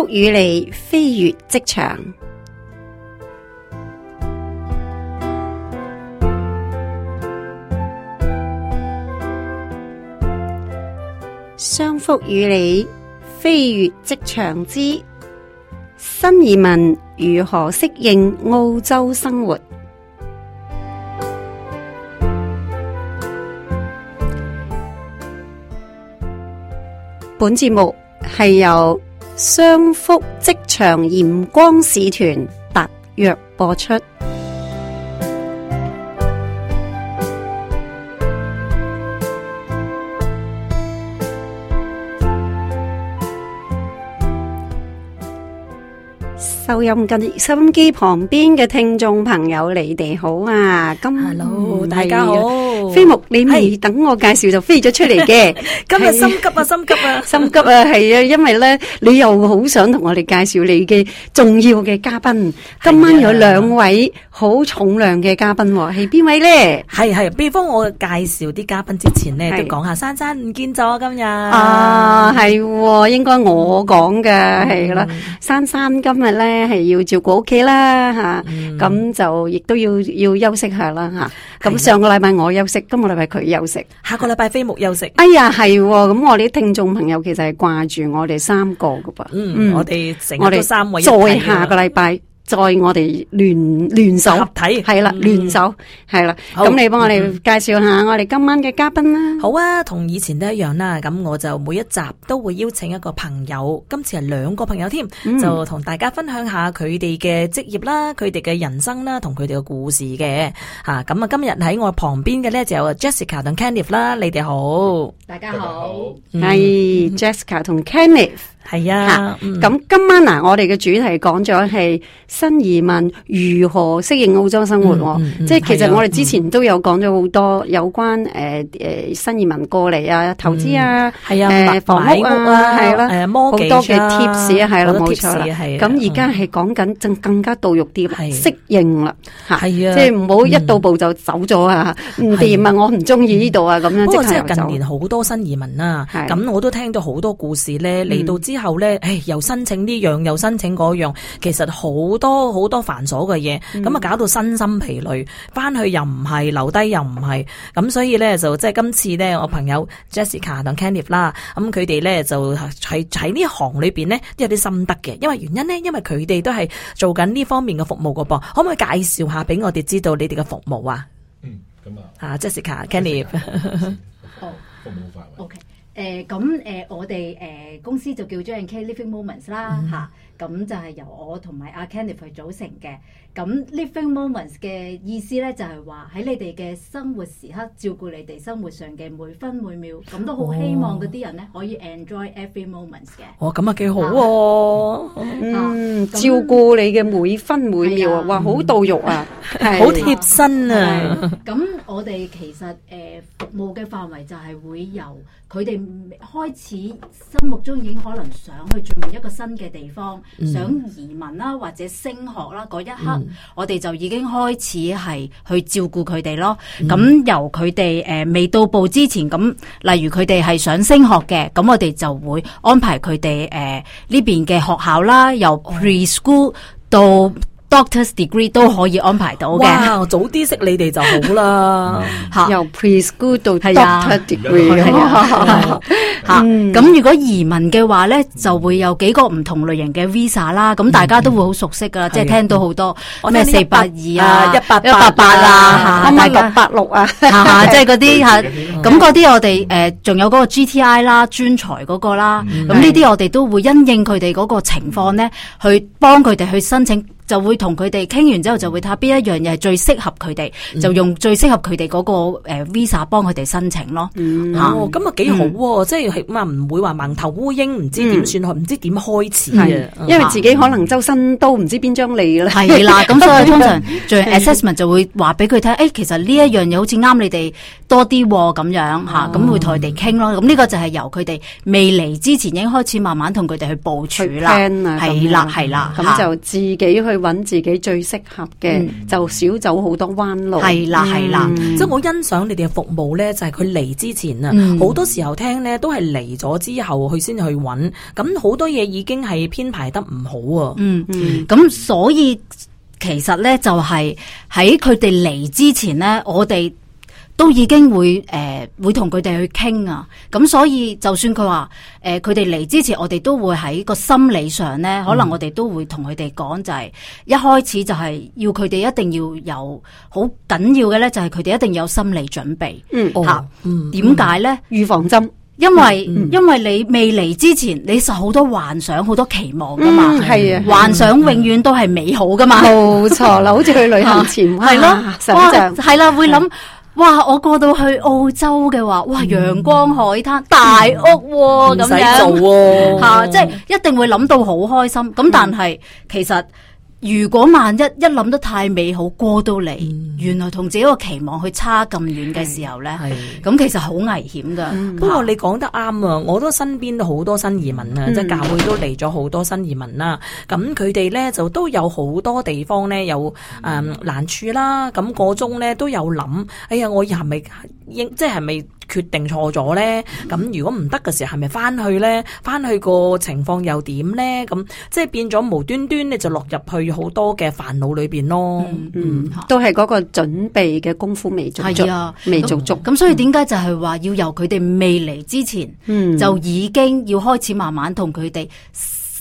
商福與你飛越職場，商福與你飛越職場之新移民如何適應澳洲生活，本節目係由商福職場鹽光使團特約播出。收音機，收音機旁邊嘅聽眾朋友，你哋好啊！咁，Hello，大家好，飛牧你未等我介紹就飛咗出嚟嘅，今日心急啊，心急啊，心急啊，係啊，因為咧你又好想同我哋介紹你嘅重要嘅嘉賓，今晚有兩位好重量嘅嘉賓，係邊位咧？係係，俾方我介紹啲嘉賓之前咧，就講下，珊珊唔見咗今日啊，係應該我講嘅係啦，珊珊今日咧。係要照顧屋企啦，吓，咁就亦都要要休息下啦吓。咁上個禮拜我休息，今個禮拜佢休息，下個禮拜飛牧休息。哎呀，係咁我啲聽眾朋友其實係掛住我哋三個噶噃。嗯，我哋我哋三位再下個禮拜。再我哋聯聯手合體係啦，聯手係啦。咁你幫我哋介紹下我哋今晚嘅嘉賓啦。好啊，同以前都一樣啦。咁我就每一集都會邀請一個朋友，今次係兩個朋友添，就同大家分享下佢哋嘅職業啦、佢哋嘅人生啦、同佢哋嘅故事嘅。吓咁啊，今日喺我旁邊嘅咧就有 Jessica 同 Kenneth 啦，你哋好，大家好，係 Jessica 同 Kenneth。係啊，咁今晚嗱，我哋嘅主題講咗係新移民如何適應澳洲生活，即係其實我哋之前都有講咗好多有關誒誒新移民過嚟啊，投資啊，係啊，房屋啊，係啦，好多嘅 tips 啊，係啦，冇錯啦，咁而家係講緊更加到肉啲啦，適應啦，吓，係啊，即係唔好一到步就走咗啊，唔掂啊，我唔中意呢度啊，咁樣，即係近年好多新移民啦，咁我都聽到好多故事咧，嚟到之。之後咧，誒、哎，又申請呢樣，又申請嗰樣，其實好多好多繁瑣嘅嘢，咁啊、嗯、搞到身心疲累，翻去又唔係留低又唔係，咁所以咧就即係今次咧，我朋友 Jessica 同 Kenneth 啦，咁佢哋咧就喺喺呢行裏邊呢，都有啲心得嘅，因為原因呢，因為佢哋都係做緊呢方面嘅服務噶噃，可唔可以介紹下俾我哋知道你哋嘅服務、嗯、啊？嗯，咁啊，Jessica，啊 Jessica Kenneth, Jessica Kenneth 哦，服務範圍，OK。誒，咁誒、呃呃，我哋誒、呃、公司就叫 J&K Living Moments 啦吓。嗯咁就係由我同埋阿 Kenneth 去組成嘅。咁 Living Moments 嘅意思咧，就係話喺你哋嘅生活時刻照顧你哋生活上嘅每分每秒。咁都好希望嗰啲人咧可以 enjoy every moments 嘅。哦，咁啊幾好喎！嗯，照顧你嘅每分每秒啊，哇，好到肉啊，好貼身啊！咁我哋其實誒服務嘅範圍就係會由佢哋開始心目中已經可能想去進入一個新嘅地方。嗯、想移民啦，或者升學啦，嗰一刻我哋就已經開始係去照顧佢哋咯。咁、嗯、由佢哋誒未到步之前，咁例如佢哋係想升學嘅，咁我哋就會安排佢哋誒呢邊嘅學校啦，由 preschool 到。doctor's degree 都可以安排到嘅。哇，早啲識你哋就好啦。吓由 preschool 到 doctor's degree，係啊吓咁。如果移民嘅話咧，就會有幾個唔同類型嘅 visa 啦。咁大家都會好熟悉噶，即係聽到好多咩四八二啊，一八一八八啊，吓八六八六啊，吓即係嗰啲吓咁。嗰啲我哋誒仲有嗰個 G T I 啦，專才嗰個啦。咁呢啲我哋都會因應佢哋嗰個情況咧，去幫佢哋去申請。就會同佢哋傾完之後，就會睇下邊一樣嘢係最適合佢哋，就用最適合佢哋嗰個 Visa 幫佢哋申請咯。咁啊幾好喎！即係係唔會話盲頭烏蠅，唔知點算，唔知點開始。因為自己可能周身都唔知邊張嚟㗎啦。係啦，咁所以通常做 assessment 就會話俾佢睇，誒其實呢一樣嘢好似啱你哋多啲喎咁樣嚇，咁會同佢哋傾咯。咁呢個就係由佢哋未嚟之前已經開始慢慢同佢哋去部署啦。係啦係啦，咁就自己去。揾自己最適合嘅，嗯、就少走好多彎路。係啦，係啦，即係、嗯、我欣賞你哋嘅服務呢，就係佢嚟之前啊，好、嗯、多時候聽呢都係嚟咗之後佢先去揾，咁好多嘢已經係編排得唔好啊、嗯。嗯，咁所以其實呢，就係喺佢哋嚟之前呢，我哋。都已經會誒會同佢哋去傾啊，咁所以就算佢話誒佢哋嚟之前，我哋都會喺個心理上咧，可能我哋都會同佢哋講，就係一開始就係要佢哋一定要有好緊要嘅咧，就係佢哋一定要有心理準備。嗯，吓，點解咧？預防針，因為因為你未嚟之前，你受好多幻想，好多期望噶嘛，係啊，幻想永遠都係美好噶嘛，冇錯啦，好似去旅行前係咯，係啦，會諗。哇！我過到去澳洲嘅話，哇！陽光海灘、嗯、大屋喎、喔，咁樣嚇、啊，即係一定會諗到好開心。咁、嗯、但係其實。如果萬一一諗得太美好，過到嚟，嗯、原來同自己個期望去差咁遠嘅時候咧，咁其實好危險噶。不過，嗯啊、你講得啱啊，我都身邊都好多新移民啊，嗯、即係教會都嚟咗好多新移民啦。咁佢哋咧就都有好多地方咧有誒、嗯、難處啦。咁，那個中咧都有諗，哎呀，我又係咪應即係係咪？決定錯咗咧，咁如果唔得嘅時候是是，係咪翻去咧？翻去個情況又點咧？咁即係變咗無端端咧就落入去好多嘅煩惱裏邊咯嗯。嗯，嗯都係嗰個準備嘅功夫未做，係啊，未做足，足。咁所以點解就係話要由佢哋未嚟之前，嗯、就已經要開始慢慢同佢哋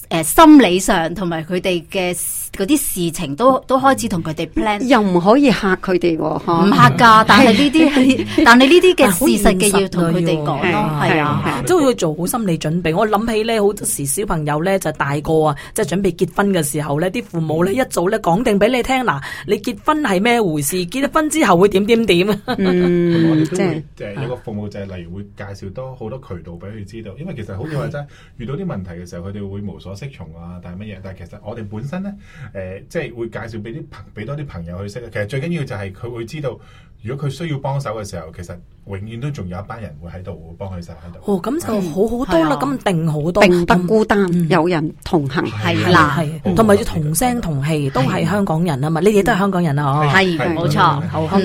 誒心理上同埋佢哋嘅。嗰啲事情都都開始同佢哋 plan，又唔可以嚇佢哋喎，唔嚇㗎？但係呢啲係，但係呢啲嘅事實嘅要同佢哋講咯，係啊，即都要做好心理準備。我諗起咧，好多時小朋友咧就大個啊，即係準備結婚嘅時候咧，啲父母咧一早咧講定俾你聽，嗱，你結婚係咩回事？結咗婚之後會點點點啊！嗯，即係誒有個服務就係例如會介紹多好多渠道俾佢知道，因為其實好似話齋遇到啲問題嘅時候，佢哋會無所適從啊，但係乜嘢？但係其實我哋本身咧。誒，即係會介紹俾啲朋，俾多啲朋友去識。其實最緊要就係佢會知道，如果佢需要幫手嘅時候，其實永遠都仲有一班人會喺度幫佢手喺度。哦，咁就好好多啦，咁定好多，並不孤單，有人同行係啦，係，同埋要同聲同氣，都係香港人啊嘛，你哋都係香港人啊，係，冇錯。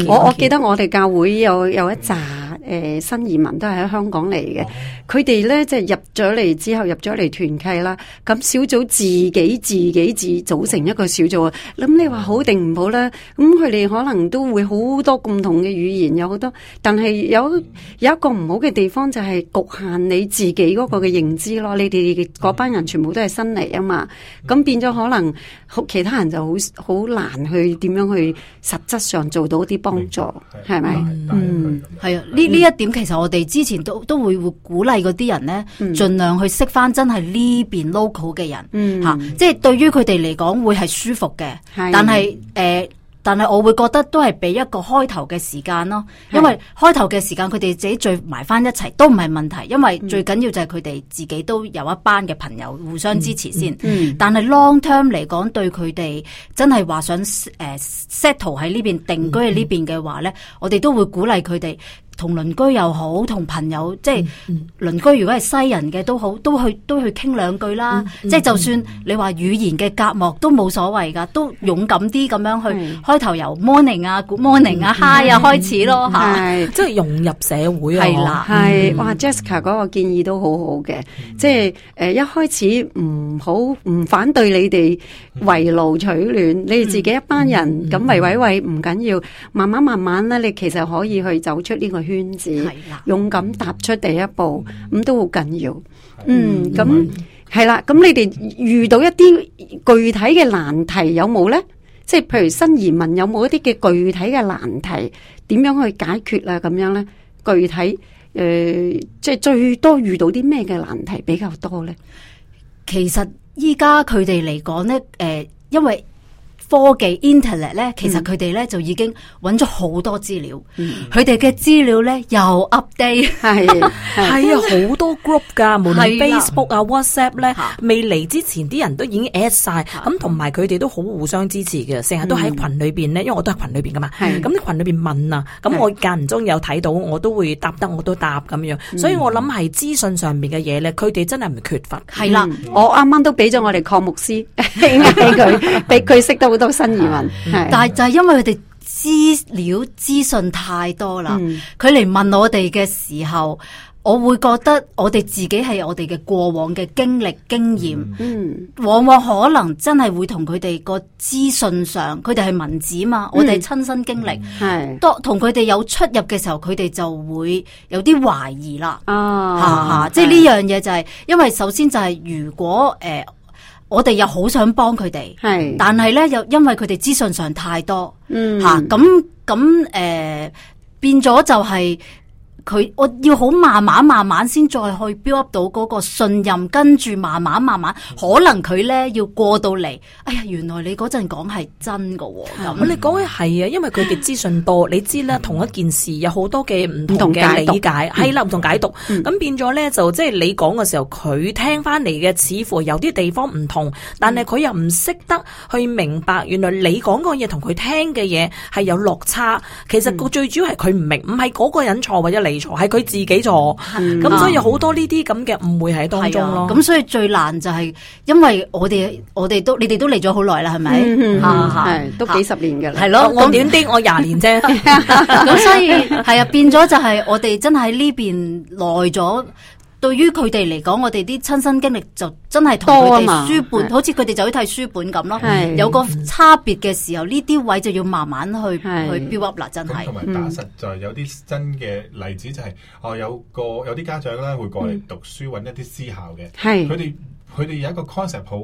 我我記得我哋教會有有一紮。誒，新移民都係喺香港嚟嘅，佢哋咧即係入咗嚟之後，入咗嚟團契啦。咁小組自己自己自己組成一個小組，啊，咁你話好定唔好咧？咁佢哋可能都會好多共同嘅語言，有好多。但係有有一個唔好嘅地方就係局限你自己嗰個嘅認知咯。嗯、你哋嗰班人全部都係新嚟啊嘛，咁變咗可能其他人就好好難去點樣去實質上做到啲幫助，係咪？嗯，係啊，呢呢。呢一點其實我哋之前都都會會鼓勵嗰啲人呢、嗯、盡量去識翻真係呢邊 local 嘅人嚇、嗯啊，即係對於佢哋嚟講會係舒服嘅的、呃。但係誒，但係我會覺得都係俾一個開頭嘅時間咯，的因為開頭嘅時間佢哋自己聚埋翻一齊都唔係問題，因為最緊要就係佢哋自己都有一班嘅朋友互相支持先。嗯嗯嗯、但係 long term 嚟講，對佢哋真係話想 settle 喺呢邊定居喺呢邊嘅話呢、嗯嗯、我哋都會鼓勵佢哋。同鄰居又好，同朋友即係鄰居，如果係西人嘅都好，都去都去傾兩句啦。即係就算你話語言嘅隔膜都冇所謂噶，都勇敢啲咁樣去開頭由 morning 啊 morning 啊、morning 啊、hi 啊開始咯吓，即係融入社會啊，係啦，係哇，Jessica 嗰個建議都好好嘅。即係誒一開始唔好唔反對你哋圍爐取暖，你哋自己一班人咁圍圍圍唔緊要，慢慢慢慢咧，你其實可以去走出呢個。圈子，係啦，勇敢踏出第一步咁都好緊要。嗯，咁係啦。咁你哋遇到一啲具體嘅難題有冇呢？即係譬如新移民有冇一啲嘅具體嘅難題？點樣去解決呀？咁樣呢？具體誒，即係最多遇到啲咩嘅難題比較多呢？其實依家佢哋嚟講呢，誒，因為。科技 Internet 咧，其實佢哋咧就已經揾咗好多資料，佢哋嘅資料咧又 update，係係啊好多 group 㗎，無論 Facebook 啊的 WhatsApp 咧，未嚟之前啲人都已經 add 曬，咁同埋佢哋都好互相支持嘅，成日都喺群裏邊咧，因為我都係群裏邊㗎嘛，咁啲的群裏邊問啊，咁的我間唔中有睇到，我都會答得我都答咁樣，所以我諗係資訊上面嘅嘢咧，佢哋真係唔缺乏。係啦，我啱啱都俾咗我哋鄺牧師，俾佢俾佢識得。都新移民，但係就係因為佢哋資料資訊太多啦，佢嚟、嗯、問我哋嘅時候，我會覺得我哋自己係我哋嘅過往嘅經歷經驗、嗯，嗯，往往可能真係會同佢哋個資訊上，佢哋係文字嘛，嗯、我哋親身經歷係多，同佢哋有出入嘅時候，佢哋就會有啲懷疑啦，哦、啊，係即係呢樣嘢就係、係，因為首先就係如果誒。呃我哋又好想幫佢哋，是但係咧，又因為佢哋資訊上太多，吓，咁咁誒變咗就係、是。佢我要好慢慢慢慢先再去 build up 到嗰個信任，跟住慢慢慢慢，可能佢咧要過到嚟。哎呀，原來你嗰陣講係真噶，咁你講嘅係啊，因為佢嘅資訊多， 你知啦，同一件事有好多嘅唔同嘅理解，係啦，唔同解讀。咁變咗咧就即係你講嘅時候，佢聽翻嚟嘅似乎有啲地方唔同，嗯、但係佢又唔識得去明白，原來你講個嘢同佢聽嘅嘢係有落差。其實個最主要係佢唔明，唔係嗰個人錯或者你。係佢自己錯，咁所以好多呢啲咁嘅誤會喺當中咯。咁所以最難就係，因為我哋我哋都你哋都嚟咗好耐啦，係咪？係都幾十年㗎喇，係咯，我短啲我廿年啫。咁所以係啊，變咗就係我哋真係喺呢邊耐咗。對於佢哋嚟講，我哋啲親身經歷就真係同佢哋書本，難好似佢哋就去睇書本咁咯。是有個差別嘅時候，呢啲位就要慢慢去是去 build up 啦，真係。同埋打實在有啲真嘅例子就係、是，嗯、哦有個有啲家長咧會過嚟讀書揾、嗯、一啲思考嘅，佢哋佢哋有一個 concept 好。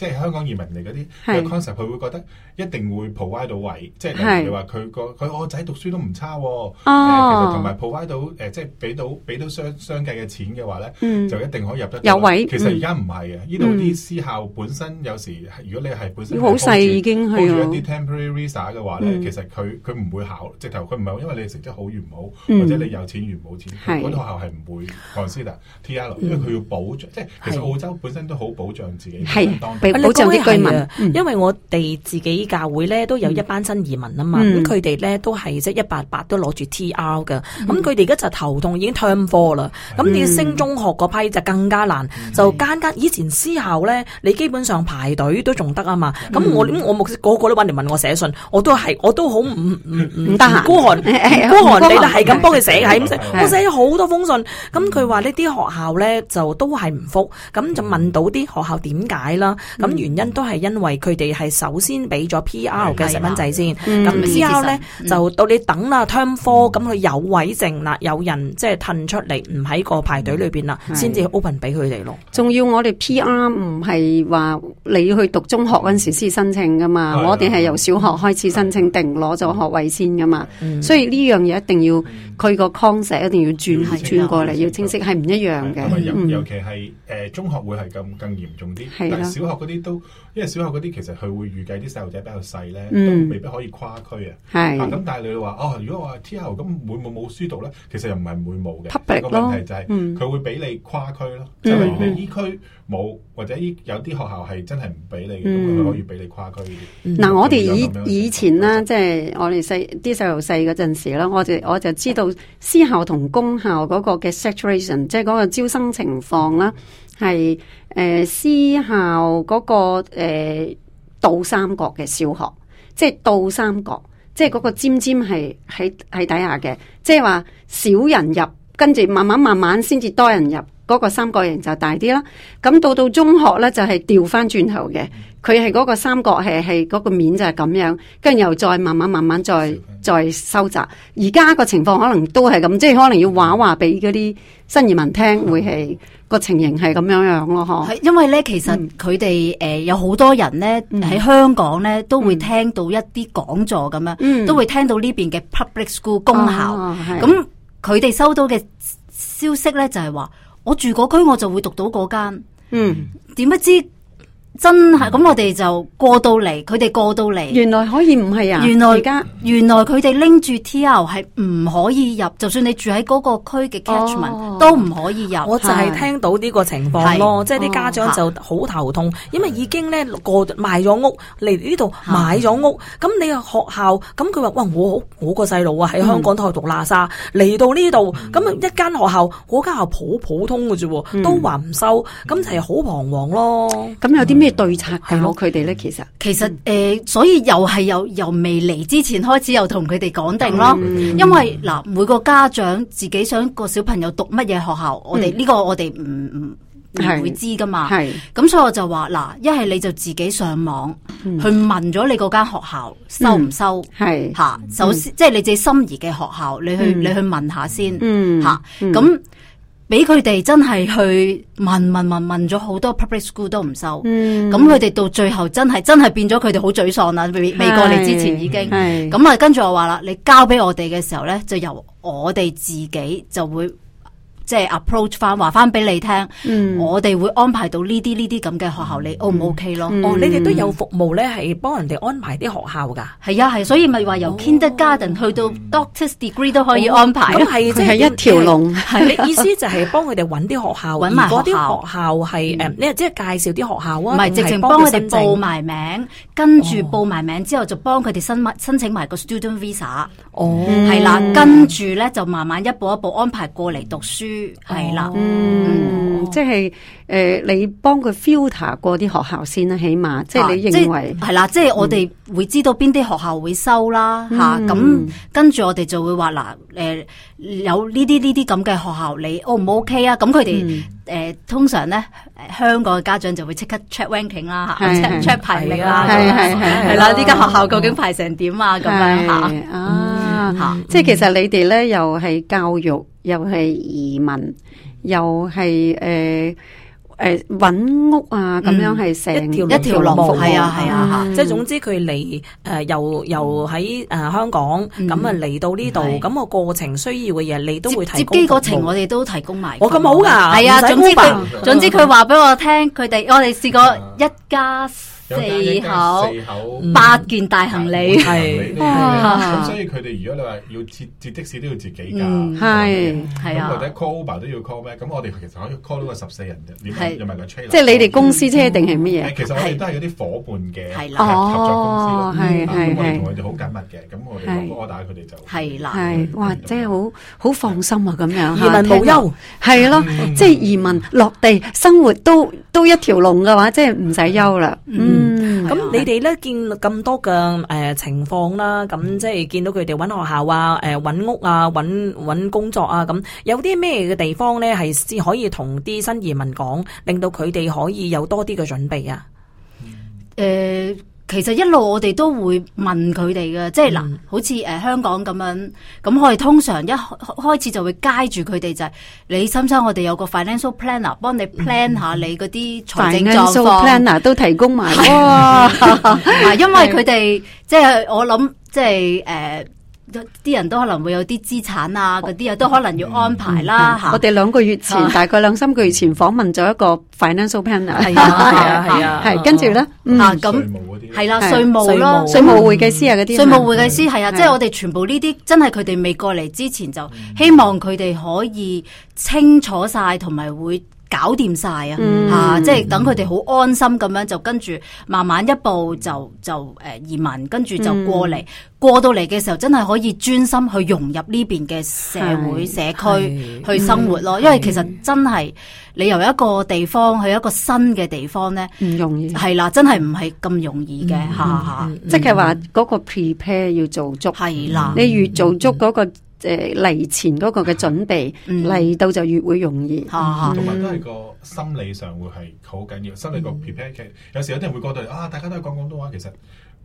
即係香港移民嚟嗰啲 concept，佢會覺得一定會 provide 到位。即係例如話，佢個佢我仔讀書都唔差。哦，同埋 provide 到誒，即係俾到俾到雙雙計嘅錢嘅話咧，就一定可以入得。有位。其實而家唔係嘅，呢度啲私校本身有時，如果你係本身好細已經去咗一啲 temporary visa 嘅話咧，其實佢佢唔會考，直頭佢唔係因為你成績好與唔好，或者你有錢與冇錢，嗰啲學校係唔會 t 因為佢要保障，即係其實澳洲本身都好保障自己。係。保障啲居，因為我哋自己教會咧都有一班新移民啊嘛，咁佢哋咧都係即係一八八都攞住 T R 嘅，咁佢哋而家就頭痛，已經退貨啦。咁你要升中學嗰批就更加難，就間間以前私校咧，你基本上排隊都仲得啊嘛。咁我我目個個都揾嚟問我寫信，我都係我都好唔唔唔得孤寒孤寒地，就係咁幫佢寫，係咁寫，我寫咗好多封信。咁佢話呢啲學校咧就都係唔復，咁就問到啲學校點解啦。咁原因都係因為佢哋係首先俾咗 P.R. 嘅細蚊仔先，咁 PR 咧就到你等啦，turn for 咁佢有位剩啦，有人即係褪出嚟唔喺個排隊裏邊啦，先至 open 俾佢哋咯。仲要我哋 P.R. 唔係話你要去讀中學嗰陣時先申請噶嘛，我哋係由小學開始申請定攞咗學位先噶嘛，所以呢樣嘢一定要佢個 concept 一定要轉係轉過嚟，要清晰係唔一樣嘅。尤其係誒中學會係咁更嚴重啲，但係小學。嗰啲都，因為小學嗰啲其實佢會預計啲細路仔比較細咧，都未必可以跨區、嗯、啊。係，咁但係你話哦，如果我話之後咁會唔會冇書讀咧？其實又唔係唔會冇嘅。個 Public 問題就係、是、佢、嗯、會俾你跨區咯，就例、嗯、如你依區冇或者依有啲學校係真係唔俾你，咁佢、嗯、可以俾你跨區。嗱、嗯，我哋以以前啦，即、就、係、是、我哋細啲細路細嗰陣時啦，我就我就知道私校同公校嗰個嘅 situation，即係嗰個招生情況啦。 係誒、呃，私校嗰、嗰個誒，倒、呃、三角嘅小學，即係倒三角，即係嗰個尖尖係喺喺底下嘅，即係話少人入，跟住慢慢慢慢先至多人入。嗰個三角形就大啲啦，咁到到中學呢，就係調翻轉頭嘅，佢係嗰個三角係係嗰個面就係咁樣，跟住又再慢慢慢慢再再收窄。而家個情況可能都係咁，即係可能要話話俾嗰啲新移民聽，嗯、會係、個情形係咁樣樣咯，因為呢，其實佢哋誒有好多人呢，喺、嗯、香港呢，都會聽到一啲講座咁樣，嗯、都會聽到呢邊嘅 public school 公校。咁佢哋收到嘅消息呢，就係、是、話。我住嗰區，我就會讀到嗰間。嗯，點不知？真係咁，我哋就過到嚟，佢哋過到嚟，原來可以唔係啊！原來而家在原來佢哋拎住 TL 係唔可以入，就算你住喺嗰個區嘅 catchment、哦、都唔可以入。我就係聽到呢個情況咯，是即係啲家長就好頭痛，哦、因為已經咧過賣咗屋嚟呢度買咗屋，咁、嗯、你又學校咁佢話哇我我個細路啊喺香港都係讀喇沙嚟、嗯、到呢度，咁一間學校嗰間學校好普通嘅啫，嗯、都話唔收，咁就係好彷徨咯。咁有啲。咩對策搞佢哋咧？其實其實誒，所以又係有由未嚟之前開始又同佢哋講定咯。因為嗱，每個家長自己想個小朋友讀乜嘢學校，我哋呢個我哋唔唔唔會知㗎嘛。係咁，所以我就話嗱，一係你就自己上網去問咗你嗰間學校收唔收係吓。首先，即係你自己心儀嘅學校，你去你去問下先。嗯，吓咁。俾佢哋真係去問問問問，咗好多 public school 都唔收，咁佢哋到最後真係真係變咗佢哋好沮喪啦。未未過嚟之前已經，咁啊跟住我話啦，你交俾我哋嘅時候呢，就由我哋自己就會。即係 approach 翻，話翻俾你聽，我哋會安排到呢啲呢啲咁嘅學校，喔 mm，你 O 唔 OK 咯？哦，mm hmm. 你哋都有服務咧，係幫人哋安排啲學校噶係啊，係，啊啊，所以咪話由 kindergarten，oh. 去到 doctor’s degree 都可以安排。咁係，oh. 哦，即係一條龍。係，你意思就係幫佢哋搵啲學校，搵埋 啲學校係，誒，你即係介紹啲學校啊。唔係，mm hmm.，直情幫佢哋報埋名，跟住報埋名之後就幫佢哋申申請埋個 student visa。哦，係啦，跟住咧就慢慢一步一步安排過嚟讀書。係啦，嗯，即係誒，你幫佢 filter 過啲學校先啦，起碼，即係你認為係啦，即係我哋會知道邊啲學校會收啦，吓咁跟住我哋就會話嗱，誒有呢啲呢啲咁嘅學校，你 O 唔 O K 啊？咁佢哋誒通常咧，香港嘅家長就會即刻 check ranking 啦，吓 check check 排名啦，係係係啦，呢間學校究竟排成點啊？咁樣吓吓，即係其實你哋咧又係教育。又係移民，又係誒誒搵屋啊，咁樣係成、mm, 一條一條路，係啊係啊，即係總之佢嚟誒，又又喺誒香港，咁啊嚟到呢度，咁個、嗯嗯嗯、過程需要嘅嘢，你都會提福福福福接接機過程，我哋都提供埋、啊，我咁好噶，係啊，總之佢總之佢話俾我聽，佢哋我哋試過一家。四口，八件大行李，係咁，所以佢哋如果你話要接接的士都要自己㗎，係係啊，或者 call Uber 都要 call 咩？咁我哋其實可以 call 到個十四人嘅，又唔係個 train。即係你哋公司車定係乜嘢？其實我哋都係有啲伙伴嘅合作公司，咁我哋同佢哋好緊密嘅，咁我哋 order 佢哋就係啦，哇，即係好好放心啊！咁樣移民無憂，係咯，即係移民落地生活都。都一條龍嘅話，即係唔使休啦。嗯，咁、嗯、的你哋呢見咁多嘅誒、呃、情況啦，咁即係見到佢哋揾學校啊、誒揾屋啊、揾揾工作啊，咁有啲咩嘅地方呢係先可以同啲新移民講，令到佢哋可以有多啲嘅準備啊。誒、呃。其實一路我哋都會問佢哋嘅，即係嗱，嗯、好似誒、呃、香港咁樣，咁我哋通常一開始就會街住佢哋就係、是，你深親我哋有個 financial planner 幫你 plan 下你嗰啲財政狀況、嗯、financial planner 都提供埋，係、啊， 因為佢哋是即係我諗即係誒。呃啲人都可能會有啲資產啊，嗰啲啊都可能要安排啦嚇。我哋兩個月前，大概兩三個月前訪問咗一個 financial panel，係啊係啊係。跟住咧啊咁係啦，稅務咯，稅務會計師啊嗰啲，稅務會計師係啊，即係我哋全部呢啲真係佢哋未過嚟之前就希望佢哋可以清楚晒同埋會。搞掂晒啊！嚇，即係等佢哋好安心咁樣，就跟住慢慢一步就就誒移民，跟住就過嚟。過到嚟嘅時候，真係可以專心去融入呢邊嘅社會社區去生活咯。因為其實真係你由一個地方去一個新嘅地方咧，唔容易。係啦，真係唔係咁容易嘅嚇嚇。即係話嗰個 prepare 要做足。係啦，你越做足嗰個。即係嚟前嗰個嘅準備，嚟到就越會容易。同埋都係個心理上會係好緊要。心理個 prepare，有時有啲人會覺得啊，大家都係講廣東話，其實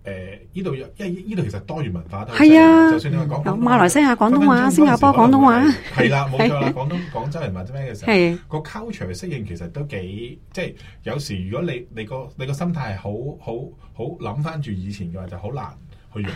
誒呢度因呢呢度其實多元文化都係，就算你話講馬來西亞廣東話、新加坡廣東話，係啦冇錯啦，廣東廣州人話啲咩嘅時候，個 culture 適應其實都幾即係有時，如果你你個你個心態係好好好諗翻住以前嘅話就好難。去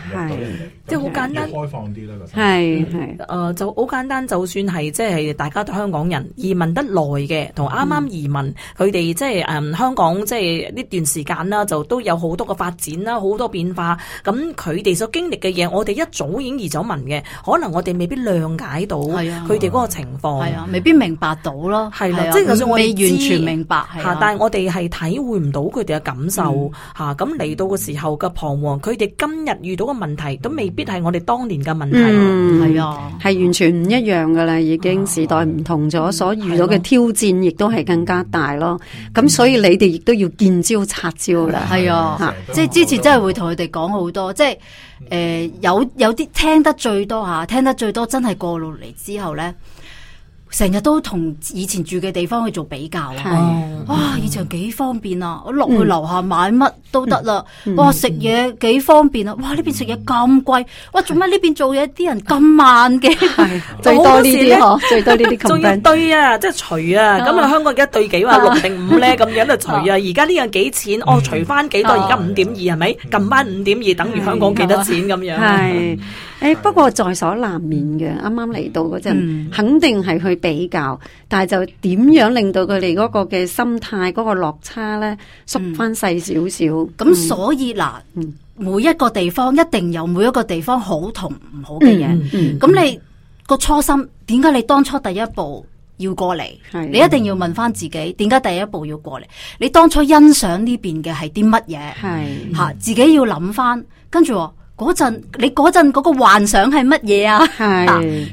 即係好簡單，開放啲啦。係係，誒就好簡單。就算係即係大家都香港人移民得耐嘅，同啱啱移民，佢哋即係誒香港即係呢段時間啦，就都有好多個發展啦，好多變化。咁佢哋所經歷嘅嘢，我哋一早已經移咗民嘅，可能我哋未必諒解到，佢哋嗰個情況係啊，未必明白到咯，係啦，即係就算我哋完全明白嚇，但係我哋係體會唔到佢哋嘅感受嚇。咁嚟到嘅時候嘅彷徨，佢哋今日，遇到嘅問題都未必係我哋當年嘅問題，嗯，係啊，係完全唔一樣㗎啦，已經時代唔同咗，啊、所遇到嘅挑戰亦都係更加大咯。咁的所以你哋亦都要見招拆招啦，係啊，即係之前真係會同佢哋講好多，好即係誒、呃、有有啲聽得最多嚇，聽得最多真係過路嚟之後咧。成日都同以前住嘅地方去做比較咯，哇！以前幾方便啊，我落去樓下買乜都得啦，哇！食嘢幾方便啊，哇！呢邊食嘢咁貴，哇！做乜呢邊做嘢啲人咁慢嘅？最多呢啲呵，最多呢啲。仲要對啊，即係除啊，咁啊香港一對幾啊，六定五咧咁樣就除啊，而家呢樣幾錢？哦，除翻幾多？而家五點二係咪？㩒翻五點二等於香港幾多錢咁樣？係，誒不過在所難免嘅，啱啱嚟到嗰陣肯定係去比較，但係就點樣令到佢哋嗰個嘅心態嗰個落差呢？縮翻細少少？咁所以嗱，每一個地方一定有每一個地方好同唔好嘅嘢。咁你個初心，點解你當初第一步要過嚟？的你一定要問翻自己，點解第一步要過嚟？你當初欣賞呢邊嘅係啲乜嘢？係吓，嗯嗯、 自己要諗翻，跟住嗰陣你嗰陣嗰個幻想係乜嘢啊？係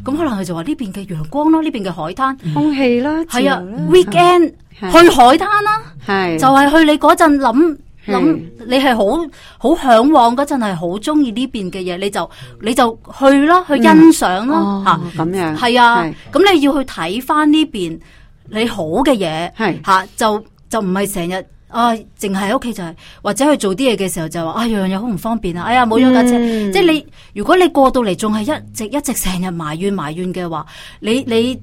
咁可能佢就話呢邊嘅陽光咯，呢邊嘅海灘、空氣啦，係啊，weekend 去海灘啦，係就係去你嗰陣諗諗，你係好好嚮往嗰陣係好中意呢邊嘅嘢，你就你就去啦，去欣賞咯，吓咁樣係啊，咁你要去睇翻呢邊你好嘅嘢，係吓就就唔係成日。啊，淨係喺屋企就係、是，或者去做啲嘢嘅時候就話，啊樣樣嘢好唔方便啊，哎呀冇咗架車，嗯、即係你如果你過到嚟仲係一直一直成日埋怨埋怨嘅話，你你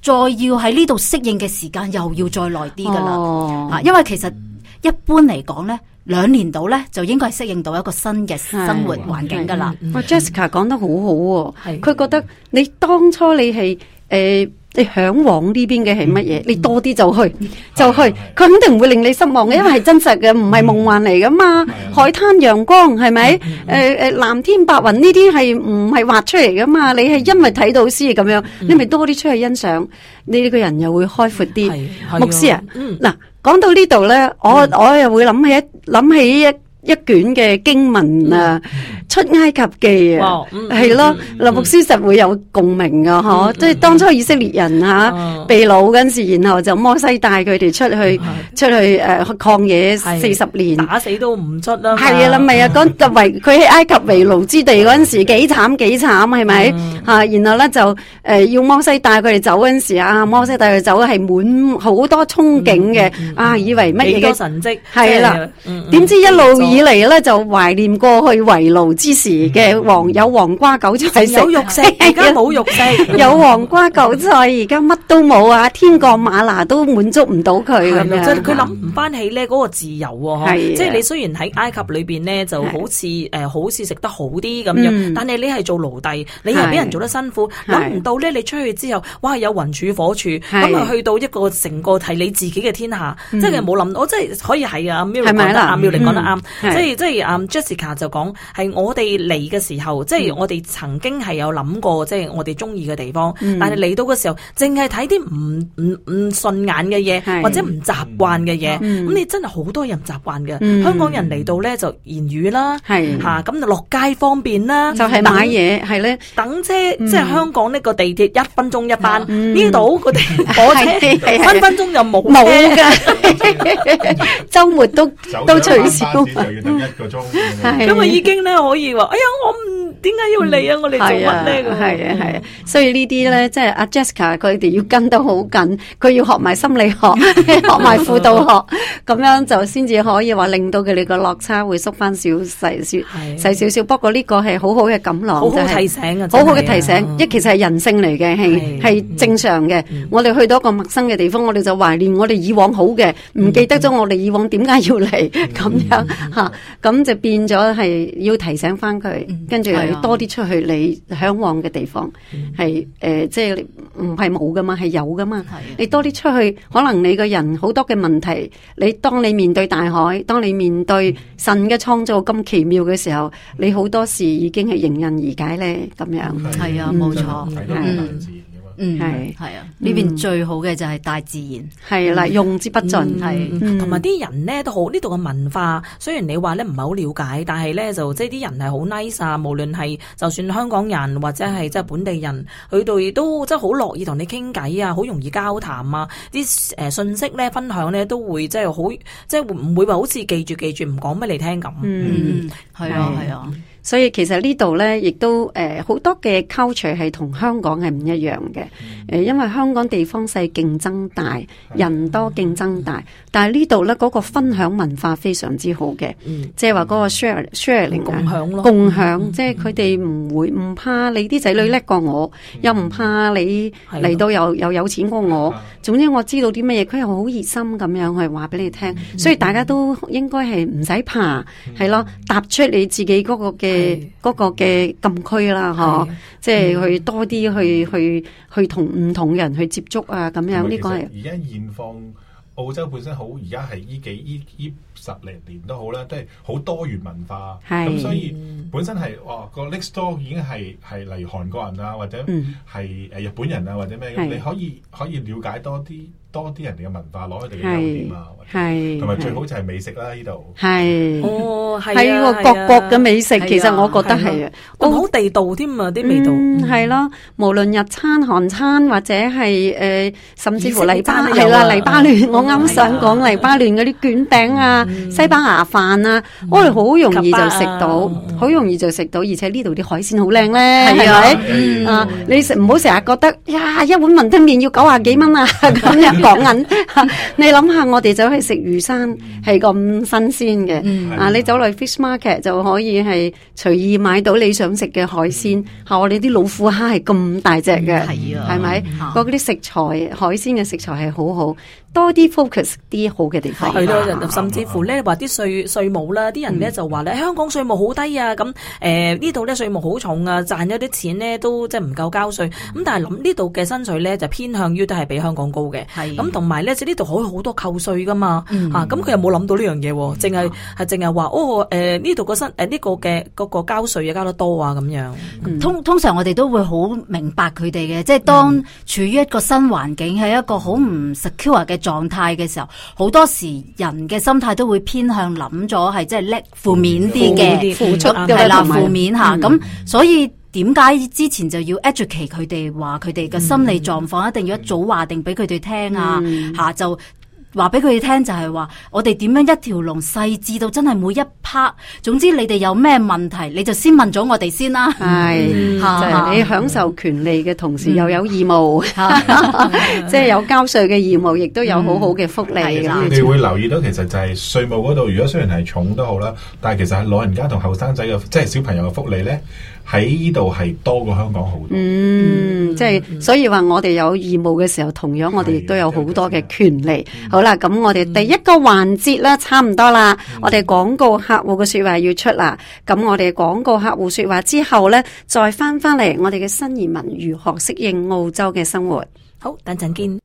再要喺呢度適應嘅時間又要再耐啲噶啦，哦、啊，因為其實一般嚟講咧，兩年度咧就應該係適應到一個新嘅生活環境噶啦。Jessica 講得好好、啊、喎，佢的覺得你當初你係誒。呃你向往呢邊嘅係乜嘢？你多啲就去，就去，佢肯定唔會令你失望嘅，因為係真實嘅，唔係夢幻嚟噶嘛。海灘陽光係咪？誒誒，藍天白雲呢啲係唔係畫出嚟噶嘛？你係因為睇到先咁樣，你咪多啲出去欣賞，你呢個人又會開闊啲。牧師啊，嗱，講到呢度呢，我我又會諗起諗起。一卷嘅經文啊，出埃及記啊，係咯，林牧師實會有共鳴噶嗬，即係當初以色列人吓被擄嗰陣時，然後就摩西帶佢哋出去，出去誒曠野四十年，打死都唔出啦，係啊啦，咪啊，講為佢喺埃及為奴之地嗰陣時，幾慘幾慘係咪吓？然後咧就誒要摩西帶佢哋走嗰陣時啊，摩西帶佢哋走係滿好多憧憬嘅，啊以為乜嘢嘅神迹係啦，點知一路。以嚟咧就懷念過去為奴之時嘅黃有黃瓜韭菜有肉食，而家冇肉食，有黃瓜韭菜，而家乜都冇啊！天降馬拿都滿足唔到佢咁樣，佢諗唔翻起呢嗰個自由喎，即係你雖然喺埃及裏邊呢就好似誒好似食得好啲咁樣，但係你係做奴婢，你又俾人做得辛苦，諗唔到咧你出去之後，哇有雲柱火處，咁去到一個成個係你自己嘅天下，即係冇諗，我即係可以係啊，阿 m 阿 m 嚟講得啱。所以即係阿 Jessica 就講，係我哋嚟嘅時候，即係我哋曾經係有諗過，即係我哋中意嘅地方。但係嚟到嘅時候，淨係睇啲唔唔唔順眼嘅嘢，或者唔習慣嘅嘢。咁你真係好多人習慣嘅。香港人嚟到咧就言語啦，吓咁就落街方便啦，就係買嘢係咧，等車，即係香港呢個地鐵一分鐘一班，呢度我哋分分鐘就冇冇嘅，周末都都隨時，要等一個鐘，咁啊，已經咧可以話，哎呀，我唔～點解要嚟啊？我哋做乜呢？係啊，係啊，所以呢啲咧，即係阿 Jessica 佢哋要跟得好緊，佢要學埋心理學，學埋輔導學，咁樣就先至可以話令到佢哋個落差會縮翻少細少細少少。不過呢個係好好嘅錦囊，好好提醒，好好嘅提醒。一其實係人性嚟嘅，係係正常嘅。我哋去到一個陌生嘅地方，我哋就懷念我哋以往好嘅，唔記得咗我哋以往點解要嚟咁樣吓，咁就變咗係要提醒翻佢，跟住。多啲出去你向往嘅地方，係，誒、嗯呃，即係唔係冇噶嘛，係有噶嘛。啊、你多啲出去，可能你個人好多嘅問題，你當你面對大海，當你面對神嘅創造咁奇妙嘅時候，你好多事已經係迎刃而解咧。咁樣係啊，冇錯。嗯，係係啊，呢邊、嗯、最好嘅就係大自然，係啦、嗯啊，用之不盡，係、嗯，同埋啲人咧都好，呢度嘅文化，雖然你話咧唔係好了解，但係咧就即係啲人係好 nice 啊，無論係就算香港人或者係即係本地人，佢哋都即係好樂意同你傾偈啊，好容易交談啊，啲誒信息咧分享咧都會即係好，即係唔會話好似記住記住唔講俾你聽咁，嗯，係、嗯、啊，係啊。所以其實呢度呢，亦都誒好多嘅 culture 係同香港係唔一樣嘅。誒，因為香港地方細，競爭大，人多競爭大。但係呢度呢，嗰個分享文化非常之好嘅，即係話嗰個 share share 嚟共享咯，共享。即係佢哋唔會唔怕你啲仔女叻過我，又唔怕你嚟到又又有錢過我。總之我知道啲乜嘢，佢又好熱心咁樣去話俾你聽，嗯、所以大家都應該係唔使怕，係、嗯、咯，踏出你自己嗰個嘅嗰嘅禁區啦，嗬、嗯，即係、啊即係、去多啲去、嗯、去去同唔同人去接觸啊，咁樣呢個係。而家現，現況澳洲本身好，而家係依幾依依十零年都好啦，都係好多元文化，咁、嗯、所以。本身係哇、哦那個 list o 多已經係係，例如韓國人啊、或者係誒日本人啊、或者咩，是你可以可以了解多啲。多啲人哋嘅文化攞佢哋嘅優點啊，同埋最好就係美食啦！呢度係哦，喺個各國嘅美食，其實我覺得係啊，都好地道添啊啲味道。嗯，係咯，無論日餐、韓餐或者係誒，甚至乎黎巴係啦，黎巴嫩。我啱啱想講黎巴嫩嗰啲卷餅啊、西班牙飯啊，我哋好容易就食到，好容易就食到，而且呢度啲海鮮好靚咧，係咪啊？你食唔好成日覺得呀一碗雲吞麵要九廿幾蚊啊咁樣。講緊， 你諗下，我哋走去食魚生係咁新鮮嘅，嗯、啊，的你走嚟 fish market 就可以係隨意買到你想食嘅海鮮。吓、嗯啊，我哋啲老虎蝦係咁大隻嘅，係咪、嗯？嗰啲吧、嗯、食材，嗯、海鮮嘅食材係好好。多啲 focus 啲好嘅地方，係咯，甚至乎咧話啲稅稅務啦，啲人咧就話咧香港稅務好低啊，咁誒呢度咧稅務好重啊，賺咗啲錢咧都即係唔夠交稅，咁但係諗呢度嘅薪水咧就偏向於都係比香港高嘅，咁同埋咧即呢度可以好多扣稅噶嘛，嚇，咁佢又冇諗到呢樣嘢，淨係係淨係話哦誒，呢度個薪誒，呢個嘅嗰個交稅啊，交得多啊咁樣，嗯、通通常我哋都會好明白佢哋嘅，即係當、嗯、處於一個新環境係一個好唔 secure 嘅。狀態嘅時候，好多時人嘅心態都會偏向諗咗係，即係叻負面啲嘅，付出係啦，負、啊、的面吓咁，嗯、所以點解之前就要 educate 佢哋話佢哋嘅心理狀況一定要一早話定俾佢哋聽啊，吓、嗯啊、就。話俾佢哋聽就係話，我哋點樣一條龍細致到真係每一 part。總之你哋有咩問題，你就先問咗我哋先啦。係，就係，你享受權利嘅同時又有義務，即係、嗯、 有交稅嘅義務，亦都有好好嘅福利。你、嗯、會留意到，其實就係稅務嗰度，如果雖然係重都好啦，但係其實係老人家同後生仔嘅，即、就、係、係、小朋友嘅福利咧。喺呢度係多過香港好多，嗯，即係所以話我哋有義務嘅時候，同樣我哋亦都有好多嘅權利。嗯、好啦，咁、嗯、我哋第一個環節咧差唔多啦，嗯、我哋廣告客戶嘅說話要出啦。咁、嗯、我哋廣告客戶說話之後呢，再翻翻嚟我哋嘅新移民如何適應澳洲嘅生活。好，等陣見。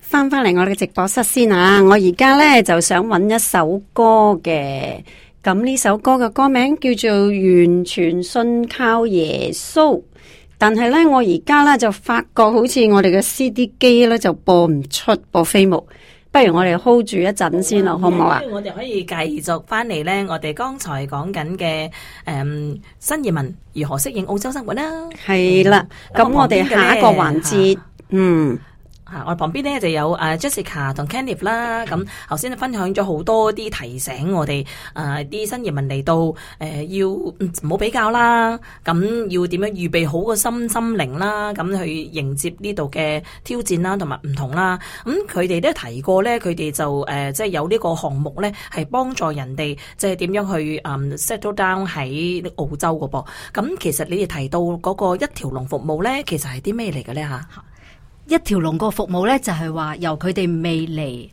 翻翻嚟我哋嘅直播室先啊！我而家呢，就想揾一首歌嘅。咁呢首歌嘅歌名叫做完全信靠耶穌，但係呢，我而家呢就發覺好似我哋嘅 CD 機呢就播唔出播非目。不如我哋 hold 住一陣先啦，好唔好啊？我哋可以繼續翻嚟呢，我哋剛才講緊嘅誒新移民如何適應澳洲生活啦，係啦了，咁、嗯、我哋下一個環節，啊、嗯。啊！我哋旁邊咧就有啊 Jessica 同 Kenneth 啦，咁頭先分享咗好多啲提醒我哋，誒、呃，啲新移民嚟到，誒、呃，要唔好比較啦，咁、嗯、要點樣預備好個心心靈啦，咁、嗯、去迎接呢度嘅挑戰啦，同埋唔同啦。咁佢哋都提過咧，佢哋就誒，即、呃、係、就是、有個項呢個項目咧，係幫助人哋，即係點樣去誒、嗯、settle down 喺澳洲噶噃。咁、嗯、其實你哋提到嗰個一條龍服務咧，其實係啲咩嚟嘅咧？吓？一條龍個服務呢，就係話由佢哋未嚟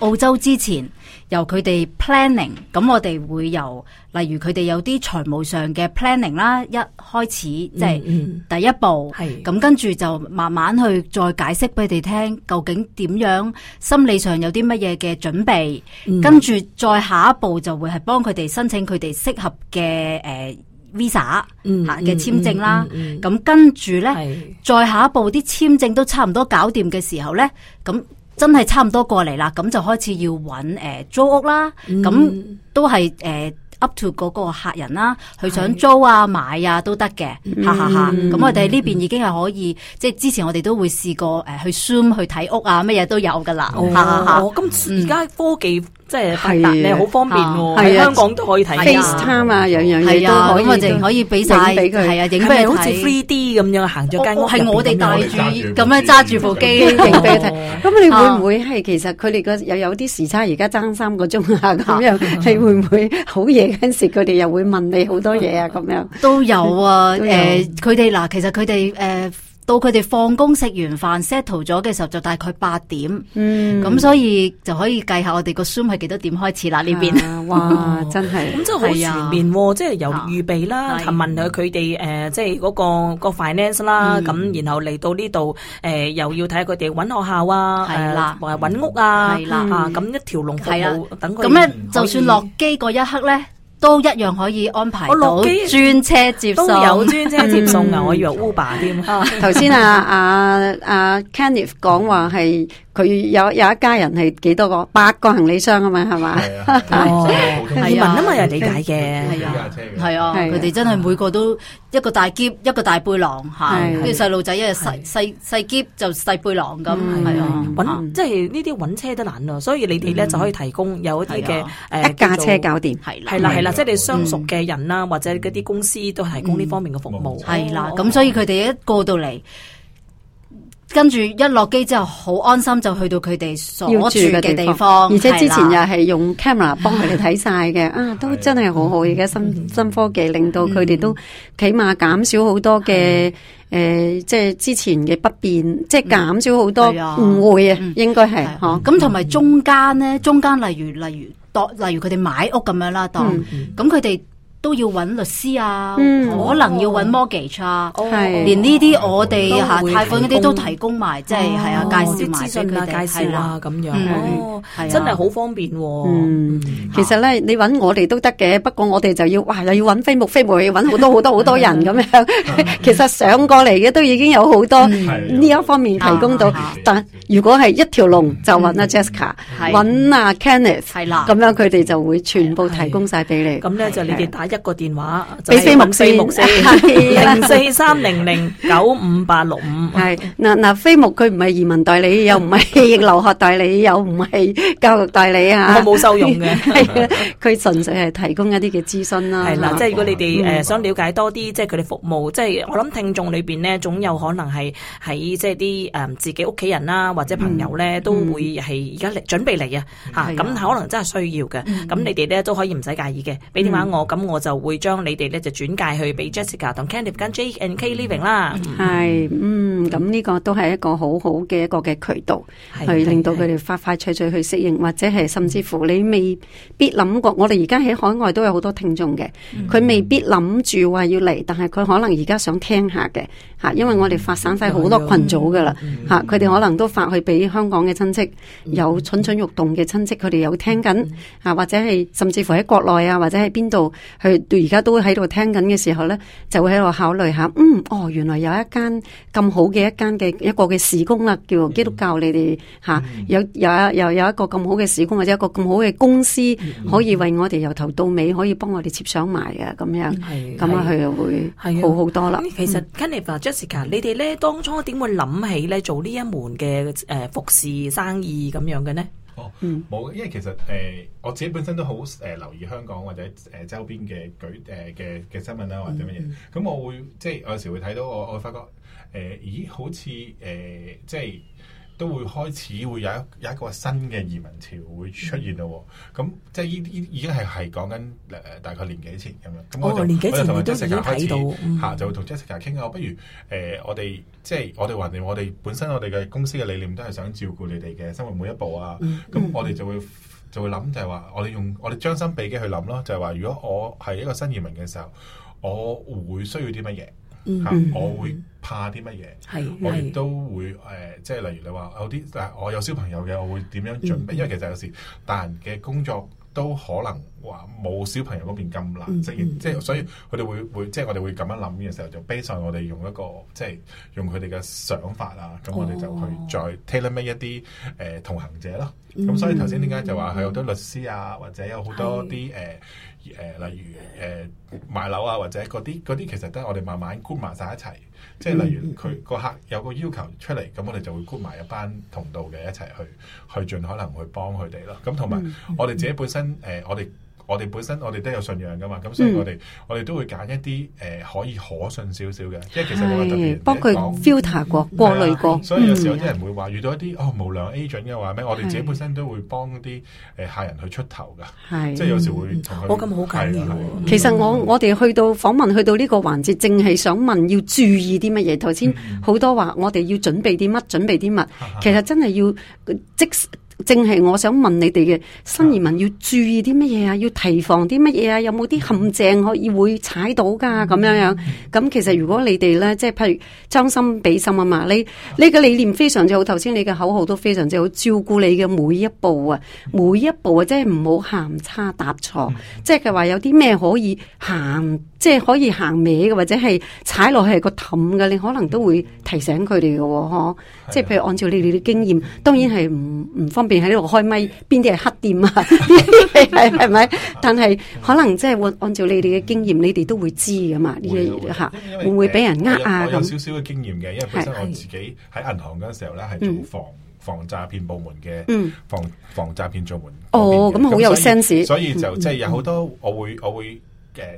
澳洲之前，由佢哋 planning，咁我哋會由，例如佢哋有啲財務上嘅 planning 啦，一開始即係、就是、第一步，係咁、mm hmm. 跟住就慢慢去再解釋俾佢哋聽，究竟點樣心理上有啲乜嘢嘅準備，mm hmm. 跟住再下一步就會係幫佢哋申請佢哋適合嘅誒，呃 Visa 嘅簽證啦，咁跟住咧，再下一步啲簽證都差唔多搞掂嘅時候咧，咁真係差唔多過嚟啦，咁就開始要揾誒租屋啦，咁都係誒 up to 嗰個客人啦，佢想租啊買啊都得嘅，哈哈哈，咁我哋呢邊已經係可以，即係之前我哋都會試過誒去 Zoom 去睇屋啊，乜嘢都有噶啦，咁而家科技。即係係，你好方便喎。香港都可以睇 FaceTime 啊，樣樣嘢都可以。咁我淨可以俾晒俾佢，係啊，影佢好似 three D 咁樣行咗間屋，係我哋帶住咁樣揸住部機影俾佢睇。咁你會唔會係？其實佢哋個又有啲時差，而家爭三個鐘啊咁樣。係會唔會好夜，嗰陣時，佢哋又會問你好多嘢啊咁樣？都有啊，誒，佢哋嗱，其實佢哋誒。到佢哋放工食完飯 settle 咗嘅時候就大概八點，咁所以就可以計下我哋個 Zoom 係幾多點開始啦呢邊。哇，真係咁真係好全面，即係由預備啦，問佢佢哋誒，即係嗰個個 finance 啦，咁然後嚟到呢度誒，又要睇下佢哋搵學校啊，誒，或係搵屋啊，咁一條龍服務等佢。咁咧，就算落機嗰一刻咧。都一樣可以安排到專車接送，有專車接送啊！我以為 Uber 添。頭先啊啊啊 Kenneth 講話係。佢有有一家人係幾多個？八個行李箱啊嘛，係嘛？哦，移民啊嘛，又理解嘅。係啊，係啊，佢哋真係每個都一個大篋，一個大背囊，跟住細路仔一日細細細篋就細背囊咁，係啊，即係呢啲揾車都難啊！所以你哋咧就可以提供有一啲嘅誒一架車搞掂，係啦，係啦，即係你相熟嘅人啦，或者嗰啲公司都提供呢方面嘅服務，係啦，咁所以佢哋一過到嚟。跟住一落機之後，好安心就去到佢哋所住嘅地方，而且之前又係用 camera 幫佢哋睇晒嘅。啊，都真係好好，而家，新新科技，令到佢哋都起碼減少好多嘅，誒，即係之前嘅不便，即係減少好多啊，誤會啊，應該係嗬。咁同埋中間咧，中間例如例如當例如佢哋買屋咁樣啦，當咁佢哋。都要揾律師啊，可能要揾 mortgage 啊，連呢啲我哋嚇貸款嗰啲都提供埋，即係係啊介紹埋俾佢哋，介紹啊咁樣，真係好方便喎。其實咧，你揾我哋都得嘅，不過我哋就要哇又要揾飛牧飛牧，要揾好多好多好多人咁樣。其實上過嚟嘅都已經有好多呢一方面提供到，但如果係一條龍就揾阿 Jessica，揾阿 Kenneth，係啦，咁樣佢哋就會全部提供晒俾你。咁咧就你哋打，一個電話，俾飛牧四木四零四三零零九五八六五，係嗱嗱飛牧佢唔係移民代理，又唔係留學代理，又唔係教育代理吓，我冇收佣嘅，係佢純粹係提供一啲嘅諮詢啦。係嗱，即係如果你哋誒想了解多啲，即係佢哋服務，即係我諗聽眾裏邊咧，總有可能係喺即係啲誒自己屋企人啦，或者朋友咧，都會係而家嚟準備嚟啊，吓咁可能真係需要嘅，咁你哋咧都可以唔使介意嘅，俾電話我，咁我。就會將你哋咧就轉介去俾 Jessica 同 Kenneth 跟 J and K Living 啦。係，嗯，咁呢個都係一個好好嘅一個嘅渠道，係是的 令到佢哋快快趣趣去適應，或者係甚至乎你未必諗過。我哋而家喺海外都有好多聽眾嘅，佢、嗯、未必諗住話要嚟，但係佢可能而家想聽下嘅嚇，因為我哋發散晒好多群組噶啦嚇，佢哋、嗯嗯、可能都發去俾香港嘅親戚，有蠢蠢欲動嘅親戚，佢哋有聽緊啊，或者係甚至乎喺國內啊，或者喺邊度去。對，而家都喺度聽緊嘅時候咧，就會喺度考慮下，嗯，哦，原來有一間咁好嘅一間嘅一個嘅事工啦，叫基督教你哋吓、嗯啊，有又又有，有一個咁好嘅事工，或者一個咁好嘅公司，嗯、可以為我哋由頭到尾可以幫我哋設想埋啊，咁樣，咁啊、嗯，佢又樣會係好好多啦。嗯、其實 Kenneth、Jessica，你哋咧當初點會諗起咧做呢一門嘅誒、呃、服侍生意咁樣嘅呢？哦，冇，oh, mm. 因為其實誒、呃、我自己本身都好誒、呃、留意香港或者誒、呃、周邊嘅舉誒嘅嘅新聞啦，或者乜嘢，咁、mm hmm. 我會即係我有時會睇到我我會發覺誒、呃，咦好似誒、呃、即係。都會開始會有一有一個新嘅移民潮會出現咯、哦，咁、嗯嗯嗯、即係呢啲已經係係講緊誒大概年幾前咁樣。咁、嗯哦、我哋我哋同 Jessica 到開到，嚇、嗯啊，就會同 Jessica 傾啊。不如誒、呃，我哋即係我哋還掂，我哋本身我哋嘅公司嘅理念都係想照顧你哋嘅生活每一步啊。咁、嗯嗯、我哋就會就會諗就係話，我哋用我哋將心比己去諗咯。就係話，如果我係一個新移民嘅時候，我會需要啲乜嘢？嗯、我會怕啲乜嘢？係我亦都會誒、呃，即係例如你話有啲，但係我有小朋友嘅，我會點樣準備？嗯、因為其實有時大人嘅工作，都可能話冇小朋友嗰邊咁難，嗯、即係即係，所以佢哋會會即係我哋會咁樣諗嘅時候，就 basic 上我哋用一個即係用佢哋嘅想法啊，咁我哋就去再 tailor make 一啲誒、呃、同行者咯。咁、嗯、所以頭先點解就話有好多律師啊，或者有好多啲誒誒，例如誒、呃、買樓啊，或者嗰啲嗰啲，其實都係我哋慢慢 group 埋晒一齊。即係例如佢個客有個要求出嚟，咁我哋就會 group 埋一班同道嘅一齊去，去盡可能去幫佢哋咯。咁同埋我哋自己本身誒、呃，我哋。我哋本身我哋都有信仰㗎嘛，咁所以我哋我哋都會揀一啲誒可以可信少少嘅，即係其實我特別幫佢 filter 過過濾過，所以有時有啲人會話遇到一啲哦無良 agent 嘅話咩，我哋自己本身都會幫啲誒客人去出頭㗎，即係有時會同佢冇咁好睇咯。其實我我哋去到訪問去到呢個環節，淨係想問要注意啲乜嘢。頭先好多話我哋要準備啲乜，準備啲乜，其實真係要即。正係我想問你哋嘅新移民要注意啲乜嘢啊？要提防啲乜嘢啊？有冇啲陷阱可以會踩到噶？咁樣樣咁，其實如果你哋咧，即係譬如將心比心啊嘛，你呢個理念非常之好。頭先你嘅口號都非常之好，照顧你嘅每一步啊，每一步啊，即係唔好行差踏錯。即係佢話有啲咩可以行。即係可以行歪嘅，或者係踩落去係個氹嘅，你可能都會提醒佢哋嘅，嗬。即係譬如按照你哋嘅經驗，當然係唔唔方便喺呢度開咪，邊啲係黑店啊？呢，係咪？但係可能即係按按照你哋嘅經驗，你哋都會知噶嘛呢啲吓。會唔會俾人呃啊？我有少少嘅經驗嘅，因為本身我自己喺銀行嗰陣時候咧係做防防詐騙部門嘅，防防詐騙部門。哦，咁好有 sense。所以就即係有好多我會我會。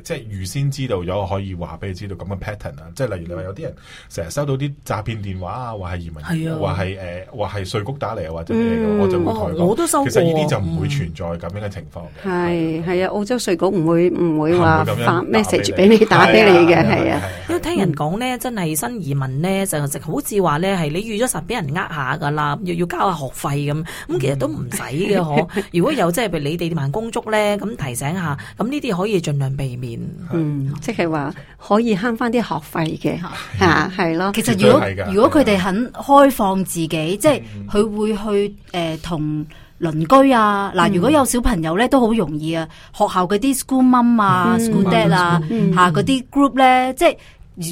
即係預先知道有可以話俾你知道咁嘅 pattern 啊，即係例如你話有啲人成日收到啲詐騙電話啊，或係移民局，或係誒，或係稅局打嚟啊，或者咩嘅，我就會同佢講。其實呢啲就唔會存在咁樣嘅情況。係係啊，澳洲稅局唔會唔會話發 message 俾你打俾你嘅，係啊。因為聽人講呢，真係新移民呢，就好似話呢，係你預咗實俾人呃下噶啦，要要交下學費咁，咁其實都唔使嘅可。如果有即係你哋萬工足咧，咁提醒下，咁呢啲可以儘量俾。面，嗯，即係話可以慳翻啲學費嘅吓，係咯。其實如果如果佢哋肯開放自己，即係佢會去誒同鄰居啊，嗱，如果有小朋友咧，都好容易啊。學校嘅啲 school mom 啊，school dad 啊，吓嗰啲 group 咧，即係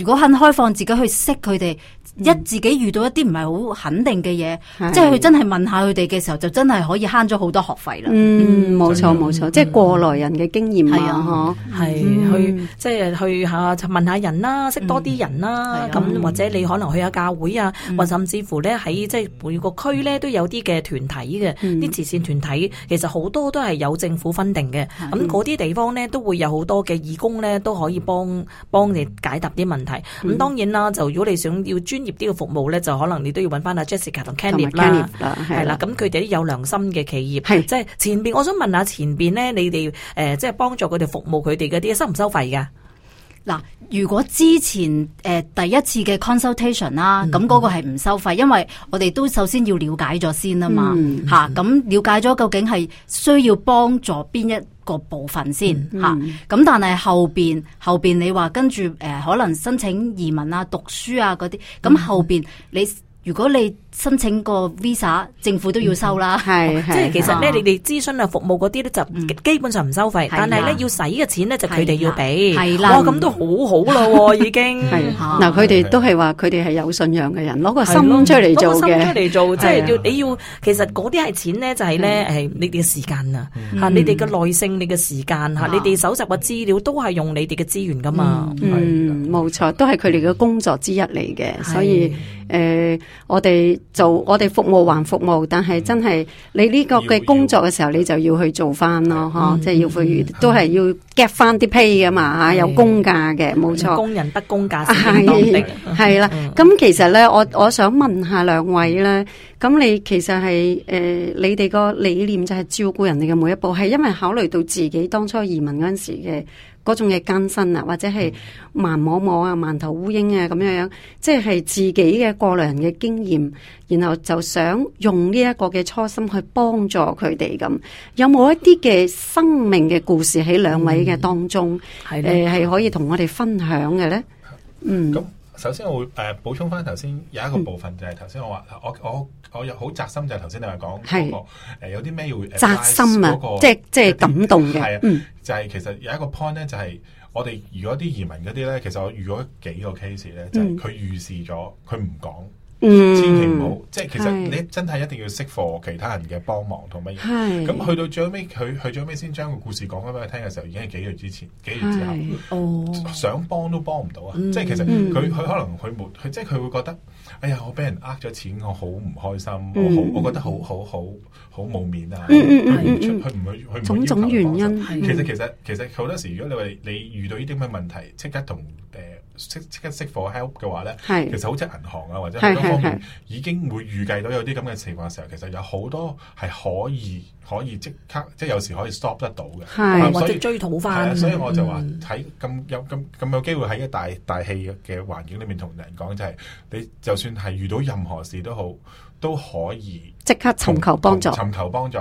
如果肯開放自己去識佢哋。一自己遇到一啲唔係好肯定嘅嘢，即係佢真係問下佢哋嘅時候，就真係可以慳咗好多學費啦。嗯，冇錯冇錯，即係過來人嘅經驗係啊，嗬，係去即係去下問下人啦，識多啲人啦。咁或者你可能去下教會啊，或甚至乎咧喺即係每個區咧都有啲嘅團體嘅，啲慈善團體其實好多都係有政府分定嘅。咁嗰啲地方咧都會有好多嘅義工咧都可以幫幫你解答啲問題，咁當然啦，就如果你想要專。業啲嘅服務咧，就可能你都要揾翻阿 Jessica 同 Kenneth 啦，係啦的，咁佢哋啲有良心嘅企業，係即係前邊，我想問下前邊咧，你哋誒，即係幫助佢哋服務佢哋嗰啲收唔收費噶？嗱，如果之前誒、呃、第一次嘅 consultation 啦、嗯，咁嗰個係唔收費，嗯、因為我哋都首先要了解咗先啊嘛，吓、嗯，咁、嗯啊、了解咗究竟係需要幫助邊一個部分先吓，咁、嗯嗯啊、但係後邊後邊你話跟住誒、呃、可能申請移民啊、讀書啊嗰啲，咁、嗯、後邊你如果你申請個 visa，政府都要收啦。係，即係其實咧，你哋諮詢啊、服務嗰啲咧，就基本上唔收費。但係咧，要使嘅錢咧，就佢哋要俾。係啦，哦，咁都好好啦，已經。係嗱，佢哋都係話佢哋係有信仰嘅人，攞個心出嚟做，攞個心出嚟做，即係要你要。其實嗰啲係錢咧，就係咧，誒，你哋嘅時間啊，吓，你哋嘅耐性，你嘅時間吓，你哋搜集嘅資料都係用你哋嘅資源噶嘛。嗯，冇錯，都係佢哋嘅工作之一嚟嘅。所以誒，我哋。做我哋服務還服務，但係真係你呢個嘅工作嘅時候，你就要去做翻咯，吓、嗯，即係要去都係要 get 翻啲 pay 噶嘛吓，的有工價嘅，冇錯的，錯工人得工價係應當嘅，係啦。咁、 嗯、其實咧，我我想問下兩位咧，咁你其實係誒、呃，你哋個理念就係照顧人哋嘅每一步，係因為考慮到自己當初移民嗰陣時嘅。嗰種嘅艱辛啊，或者係盲摸摸啊，盲頭烏蠅啊咁樣樣，即係自己嘅過來人嘅經驗，然後就想用呢一個嘅初心去幫助佢哋咁。有冇一啲嘅生命嘅故事喺兩位嘅當中？係、嗯呃、係可以同我哋分享嘅呢？嗯。嗯首先我會誒、呃、補充翻頭先有一個部分，嗯、就係頭先我話我我我有好扎心就係頭先你話講嗰個是、呃、有啲咩要扎心啊？嗰個、即些即係感動嘅，啊嗯、就係其實有一個 point 咧，就係、是、我哋如果啲移民嗰啲咧，其實我遇咗幾個 case 咧，就係佢預示咗佢唔講。嗯千祈唔好，即係其實你真係一定要識貨其他人嘅幫忙同乜嘢，咁是去到最尾，佢去咗屘先將個故事講翻俾佢聽嘅時候，已經係幾月之前，幾月之後，哦、想幫都幫唔到啊！嗯、即係其實佢佢、嗯、可能佢冇，即係佢會覺得，哎呀，我俾人呃咗錢，我好唔開心，嗯、我好，我覺得好好好好冇面啊！嗯嗯嗯佢唔會，佢唔種要。種種原因，其實、嗯、其實其實好多時，如果你話你遇到呢啲咁嘅問題，即刻同誒。呃即即刻識貨 help 嘅話咧，其實好似銀行啊，或者好多方面已經會預計到有啲咁嘅情況嘅時候，其實有好多係可以可以即刻即係有時可以 stop 得到嘅，是以或者追討翻。所以我就話喺咁有咁咁、嗯、有機會喺一個大大氣嘅環境裏面同人講、就係，就係你就算係遇到任何事都好，都可以即刻尋求幫助，尋求幫助，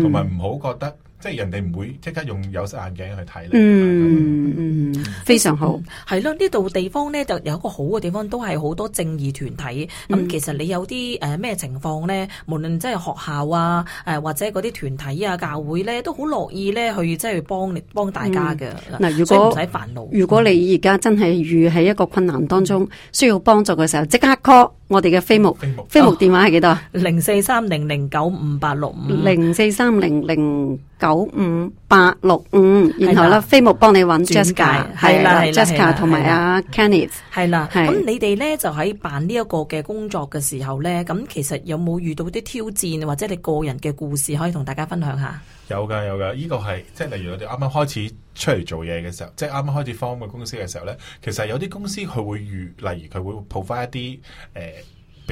同埋唔好覺得即人哋唔會即刻用有色眼鏡去睇你。嗯嗯。嗯，非常好。係咯、嗯，呢度地方咧就有一個好嘅地方，都係好多正義團體。咁、嗯嗯、其實你有啲誒咩情況咧，無論即係學校啊，誒或者嗰啲團體啊、教會咧，都好樂意咧去即係幫你幫大家嘅。嗱、嗯，如果唔使煩惱，如果你而家真係遇喺一個困難當中需要幫助嘅時候，即、嗯、刻 call 我哋嘅飛牧。飛牧，飛牧電話係幾多啊？零四三零零九五八六五。零四三零零九五八六五。65，然後咧，的飛牧幫你揾。Jessica 係啦，Jessica 同埋阿 Kenneth 係啦。咁、啊、你哋咧就喺辦呢一個嘅工作嘅時候咧，咁其實有冇遇到啲挑戰，或者你個人嘅故事可以同大家分享下？有噶有噶，呢個係即係例如我哋啱啱開始出嚟做嘢嘅時候，即係啱啱開始 form 嘅公司嘅時候咧，其實有啲公司佢會預，例如佢會抱翻一啲誒。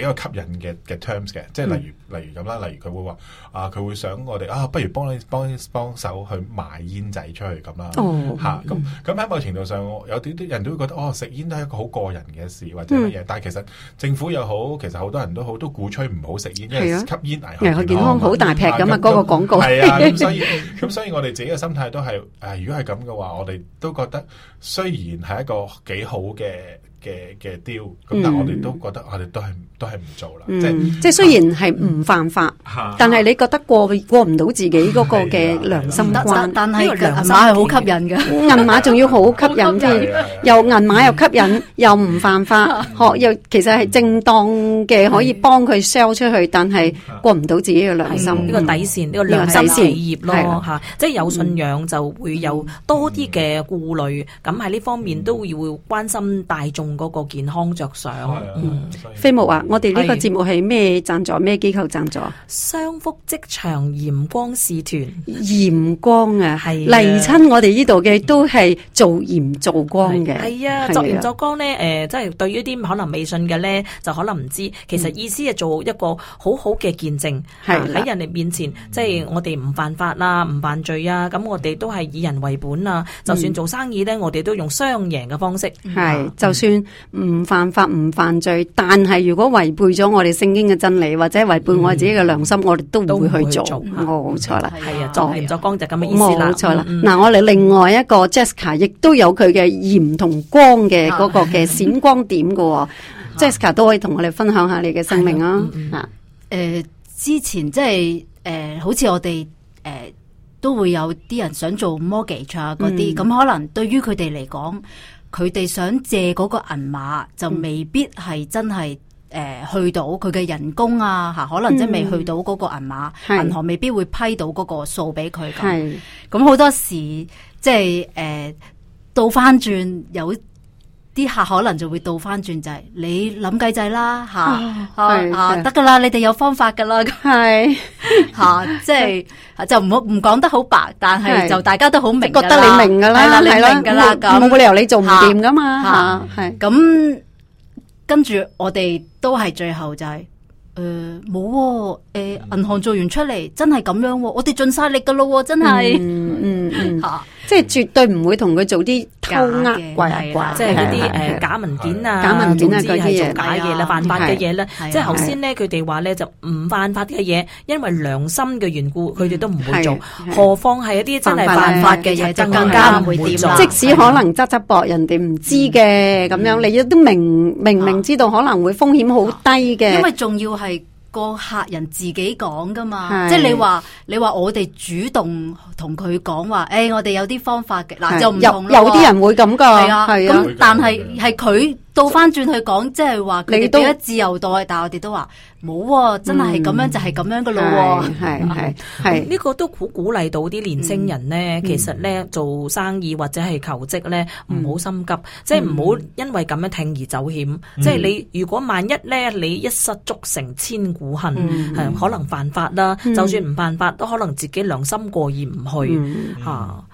比較吸引嘅嘅 terms 嘅，即係例如例如咁啦，例如佢會話啊，佢會想我哋啊，不如幫你幫幫手去賣煙仔出去咁啦，吓咁咁喺某程度上，有啲啲人都會覺得哦，食煙都係一個好個人嘅事或者乜嘢，嗯、但係其實政府又好，其實好多人都好都鼓吹唔好食煙，因為吸煙危害健康好大劈咁啊，嗰個廣告係啊，咁 所以咁所，所以我哋自己嘅心態都係誒，如果係咁嘅話，我哋都覺得雖然係一個幾好嘅。嘅嘅 deal 咁，但係我哋都覺得我哋都係都係唔做啦。即係雖然係唔犯法，但係你覺得過過唔到自己嗰個嘅良心關。但係銀碼係好吸引嘅，銀碼仲要好吸引，即係又銀碼又吸引，又唔犯法，又其實係正當嘅，可以幫佢 sell 出去，但係過唔到自己嘅良心，呢個底線，呢個良心企業咯，嚇，即係有信仰就會有多啲嘅顧慮，咁喺呢方面都會要關心大眾。嗰個健康着想，嗯，飛牧啊，我哋呢個節目係咩贊助？咩機構贊助？商福職場鹽光視團，鹽光啊，係嚟親我哋呢度嘅都係做鹽做光嘅，係啊，做鹽做光咧，誒，即係對於啲可能未信嘅咧，就可能唔知，其實意思係做一個好好嘅見證，係喺人哋面前，即係我哋唔犯法啦，唔犯罪啊，咁我哋都係以人為本啊，就算做生意咧，我哋都用雙贏嘅方式，係，就算。唔犯法唔犯罪，但係如果違背咗我哋聖經嘅真理，或者違背我自己嘅良心，我哋都唔會去做。冇錯啦，係啊，作鹽作光就咁嘅意思啦。冇錯啦。嗱，我哋另外一個 Jessica 亦都有佢嘅鹽同光嘅嗰個嘅閃光點噶。Jessica 都可以同我哋分享下你嘅生命啊。嗱，誒，之前即係誒，好似我哋誒都會有啲人想做 mortgage 啊，嗰啲咁，可能對於佢哋嚟講。佢哋想借嗰個銀碼就未必係真係誒去到佢嘅人工啊，吓，可能即係未去到嗰個銀碼，呃啊銀碼，嗯、銀行未必會批到嗰個數俾佢咁。咁好是多時即係誒、呃、倒翻轉有。啲客可能就會倒翻轉制，你諗計仔啦吓，吓得噶啦，你哋有方法噶啦，係吓，即係、啊、就唔好唔講得好白，但係就大家都好明，覺得你明噶啦，係啦，你明噶啦，咁冇理由你做唔掂噶嘛，吓、啊，係咁跟住我哋都係最後就係，誒冇。誒，銀行做完出嚟真係咁樣，我哋盡晒力噶咯，真係，嗯嗯，即係絕對唔會同佢做啲偷呃鬼怪，即係嗰啲誒假文件啊、假文件之類做假嘢啦，犯法嘅嘢啦。即係頭先咧，佢哋話咧就唔犯法嘅嘢，因為良心嘅緣故，佢哋都唔會做，何況係一啲真係犯法嘅嘢，就更加唔會做。即使可能執執博人哋唔知嘅咁樣，你亦都明明明知道可能會風險好低嘅，因為仲要係。個客人自己講噶嘛，是即係你話你話我哋主動同佢講話，誒、欸，我哋有啲方法嘅，嗱的就唔同啦。有有啲人會咁噶，係啊，但係係佢。的倒翻轉去講，即係話佢哋都咗自由袋，但係我哋都話冇，真係係咁樣就係咁樣噶咯。係係係，呢個都好鼓勵到啲年青人咧。其實咧，做生意或者係求職咧，唔好心急，即係唔好因為咁樣鋌而走險。即係你如果萬一咧，你一失足成千古恨，係可能犯法啦。就算唔犯法，都可能自己良心過意唔去。吓，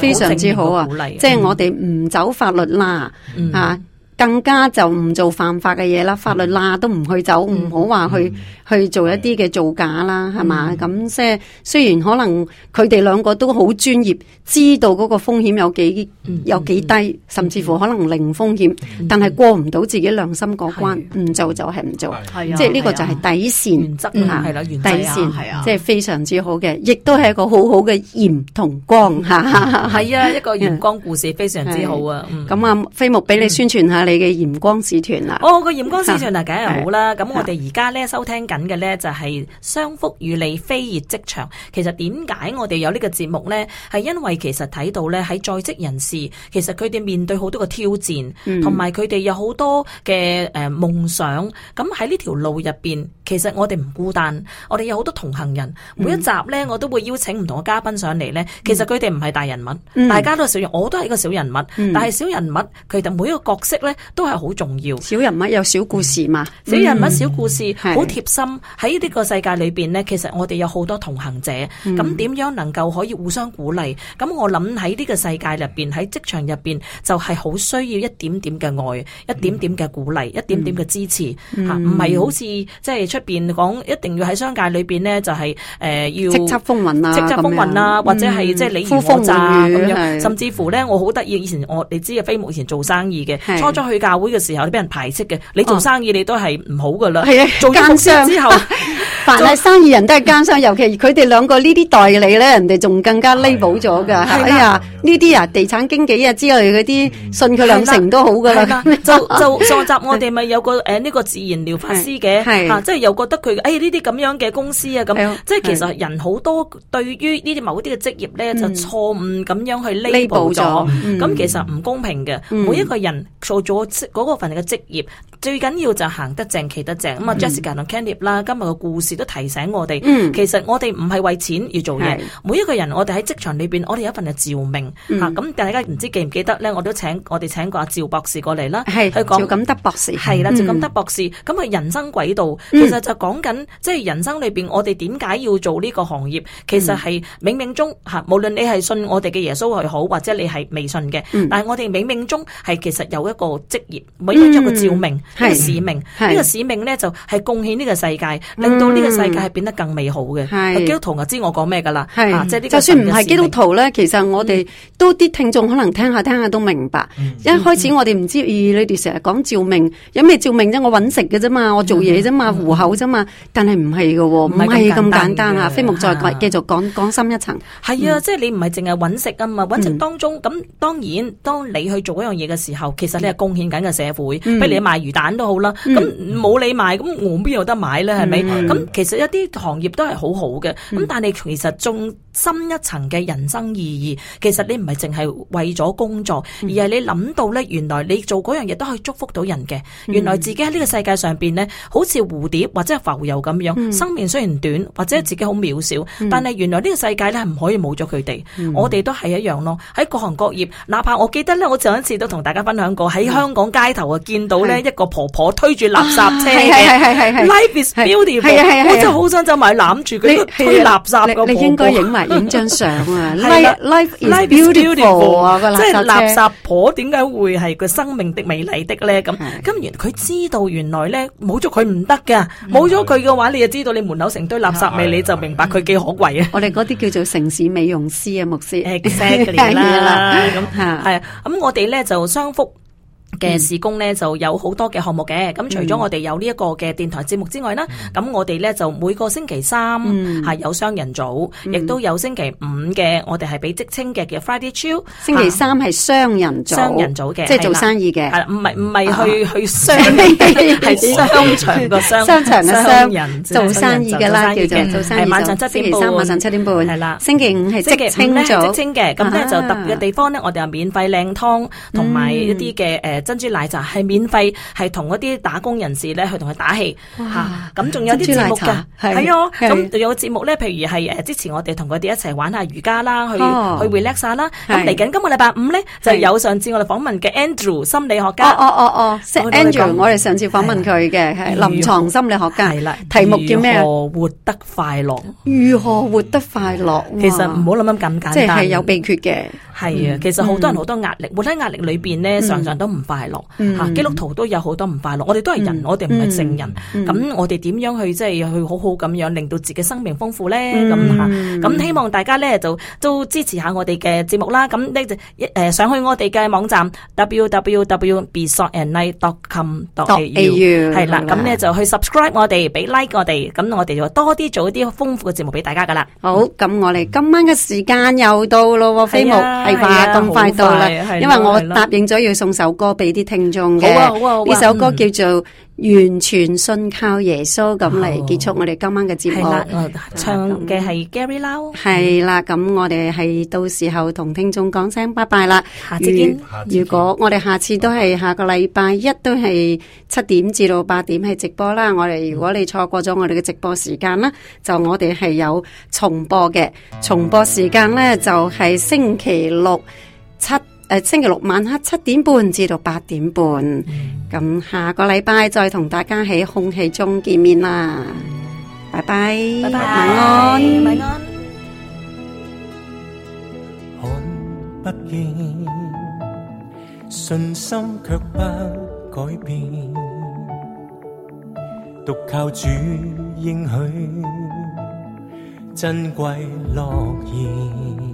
非常之好啊！鼓勵！即係我哋唔走法律啦，吓。更加就唔做犯法嘅嘢啦，法律罅都唔去走，唔好話去去做一啲嘅造假啦，係嘛？咁即係雖然可能佢哋兩個都好專業，知道嗰個風險有幾有幾低，甚至乎可能零風險，但係過唔到自己良心嗰關，唔做就係唔做，即係呢個就係底線原則啦，底線係啊，即係非常之好嘅，亦都係一個好好嘅鹽同光係啊，一個鹽光故事非常之好啊。咁阿飛牧俾你宣傳下你，你嘅鹽光使團啦，哦，那個鹽光使團啊，梗係好啦。咁我哋而家咧收聽緊嘅咧就係商福與你飛越職場。其實點解我哋有個節呢個節目咧，係因為其實睇到咧喺在職人士，其實佢哋面對好多嘅挑戰，同埋佢哋有好多嘅誒夢想。咁喺呢條路入邊。其實我哋唔孤單，我哋有好多同行人。每一集呢，我都會邀請唔同嘅嘉賓上嚟呢、嗯、其實佢哋唔係大人物，嗯、大家都係小人物，我都係一個小人物。嗯、但係小人物，佢哋每一個角色呢都係好重要。小人物有小故事嘛？嗯嗯、小人物小故事好是貼心，喺呢個世界裏邊呢，其實我哋有好多同行者，咁點、嗯、樣能夠可以互相鼓勵？咁我諗喺呢個世界入邊，喺職場入邊就係好需要一點點嘅愛，嗯、一點點嘅鼓勵，一點點嘅支持唔係、啊、好似即係。出邊講，一定要喺商界裏邊呢，就係誒要叱咤風雲啊，叱咤風雲啊，或者係即係李彥宏啊咁樣，甚至乎呢，我好得意，以前我你知啊，飛牧以前做生意嘅，初初去教會嘅時候，俾人排斥嘅。你做生意你都係唔好噶啦，係啊，做奸商之後，凡係生意人都係奸商，尤其佢哋兩個呢啲代理呢，人哋仲更加 label 咗噶。哎呀，呢啲人地產經紀啊之類嗰啲，信佢兩成都好噶啦。就就上集我哋咪有個誒呢個自然療法師嘅，即係。又覺得佢，哎呢啲咁樣嘅公司啊，咁即係其實人好多對於呢啲某啲嘅職業咧，就錯誤咁樣去 label 咗。咁其實唔公平嘅，每一個人做咗嗰份嘅職業，最緊要就行得正，企得正。咁啊，Jessica 同 Kenneth 啦，今日嘅故事都提醒我哋，其實我哋唔係為錢而做嘢。每一個人，我哋喺職場裏邊，我哋有一份係照明嚇。咁大家唔知記唔記得咧？我都請我哋請過阿趙博士過嚟啦，係去講。趙德博士係啦，趙錦德博士咁啊，人生軌道。就就講緊，即係人生裏邊，我哋點解要做呢個行業？其實係冥冥中吓，無論你係信我哋嘅耶穌係好，或者你係未信嘅，但係我哋冥冥中係其實有一個職業，每、嗯、一個召命嘅使命，呢是個使命咧就係貢獻呢個世界，嗯、令到呢個世界係變得更美好嘅。是基督徒就知我講咩噶啦，即就算唔係基督徒咧，其實我哋都啲聽眾可能聽下聽下都明白。嗯、一開始我哋唔知，哎，你哋成日講召命，有咩召命啫？我揾食嘅啫嘛，我做嘢啫嘛，嗯嗯好啫嘛，但係唔係嘅，唔係咁簡單啊！飛牧再繼續講講深一層，係啊，即係你唔係淨係揾食啊嘛，揾食當中咁，當然當你去做一樣嘢嘅時候，其實你係貢獻緊嘅社會。嗯、譬如你賣魚蛋都好啦，咁冇、嗯、你賣，咁我邊有得買咧？係咪？咁、嗯、其實一啲行業都係好好嘅，咁、嗯、但係其實仲。深一層嘅人生意義，其實你唔係淨係為咗工作，而係你諗到咧，原來你做嗰樣嘢都可以祝福到人嘅。原來自己喺呢個世界上邊呢，好似蝴蝶或者係浮遊咁樣，生命雖然短，或者自己好渺小，但係原來呢個世界咧係唔可以冇咗佢哋。我哋都係一樣咯。喺各行各業，哪怕我記得咧，我上一次都同大家分享過，喺香港街頭啊見到呢一個婆婆推住垃圾車嘅，life is beautiful，我真係好想就埋攬住佢推垃圾嘅婆婆。影張相啊，life life life beautiful 啊，即係垃圾婆點解會係個生命的美麗的咧？咁咁然佢知道原來咧，冇咗佢唔得噶，冇咗佢嘅話，你就知道你門口成堆垃圾味，你就明白佢幾可貴啊！我哋嗰啲叫做城市美容師啊，牧師，係啦，咁係啊，咁我哋咧就商福，嘅事工咧就有好多嘅項目嘅，咁除咗我哋有呢一個嘅電台節目之外咧，咁我哋咧就每個星期三係有商人組，亦都有星期五嘅我哋係俾職青嘅，叫 Friday Chill。星期三係雙人雙人組嘅，即係做生意嘅，係啦，唔係唔係去去商，係商場個商，商場嘅商，人做生意嘅啦，叫做係晚上七點半，晚上七點半係啦。星期五係職青組職青嘅，咁咧就特別嘅地方咧，我哋係免費靚湯同埋一啲嘅誒。跟住奶茶係免費，係同嗰啲打工人士咧去同佢打氣吓，咁仲有啲節目噶。係啊，咁有個節目咧，譬如係誒之前我哋同佢哋一齊玩下瑜伽啦，去去 relax 啦。咁嚟緊今個禮拜五咧，就有上次我哋訪問嘅 Andrew 心理學家，哦哦哦 Andrew，我哋上次訪問佢嘅係臨牀心理學家，係啦，題目叫咩啊？活得快樂，如何活得快樂？其實唔好諗諗咁簡單，即係有秘訣嘅。係啊，其實好多人好多壓力，活喺壓力裏邊咧，常常都唔快樂吓。基督徒都有好多唔快樂，我哋都係人，我哋唔係聖人。咁我哋點樣去即係去好好咁樣令到自己生命豐富咧？咁，吓，咁希望大家咧就都支持下我哋嘅節目啦。咁咧就一誒，上去我哋嘅網站 w w w b s o a n d l i k e c o m a u 係啦。咁咧就去 subscribe 我哋，俾 like 我哋。咁我哋就多啲做一啲豐富嘅節目俾大家噶啦。好，咁我哋今晚嘅時間又到咯，飛牧。係話咁快到啦，啊、因為我答應咗要送首歌俾啲聽眾嘅，呢、啊啊、首歌叫做。完全信靠耶穌，咁嚟、oh。結束我哋今晚嘅節目。係啦的，唱嘅係 Gary Lau。係啦，咁我哋係到時候同聽眾講聲拜拜啦，下次見。如果我哋下次都係下個禮拜、嗯、一都係七點至到八點係直播啦。嗯、我哋如果你錯過咗我哋嘅直播時間啦，就我哋係有重播嘅。重播時間呢，就係星期六七。星期六晚黑七點半至到八點半，咁下個禮拜再同大家喺空氣中見面啦，拜拜，拜拜，晚安，晚安。看不見，信心卻不改變，獨靠主應許，珍貴樂意。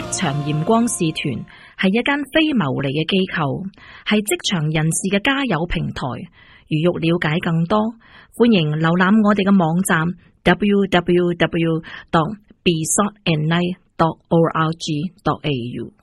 職場鹽光事團係一間非牟利嘅機構，係職場人士嘅加油平台。如欲了解更多，歡迎瀏覽我哋嘅網站 www.bsoftnl.org.au。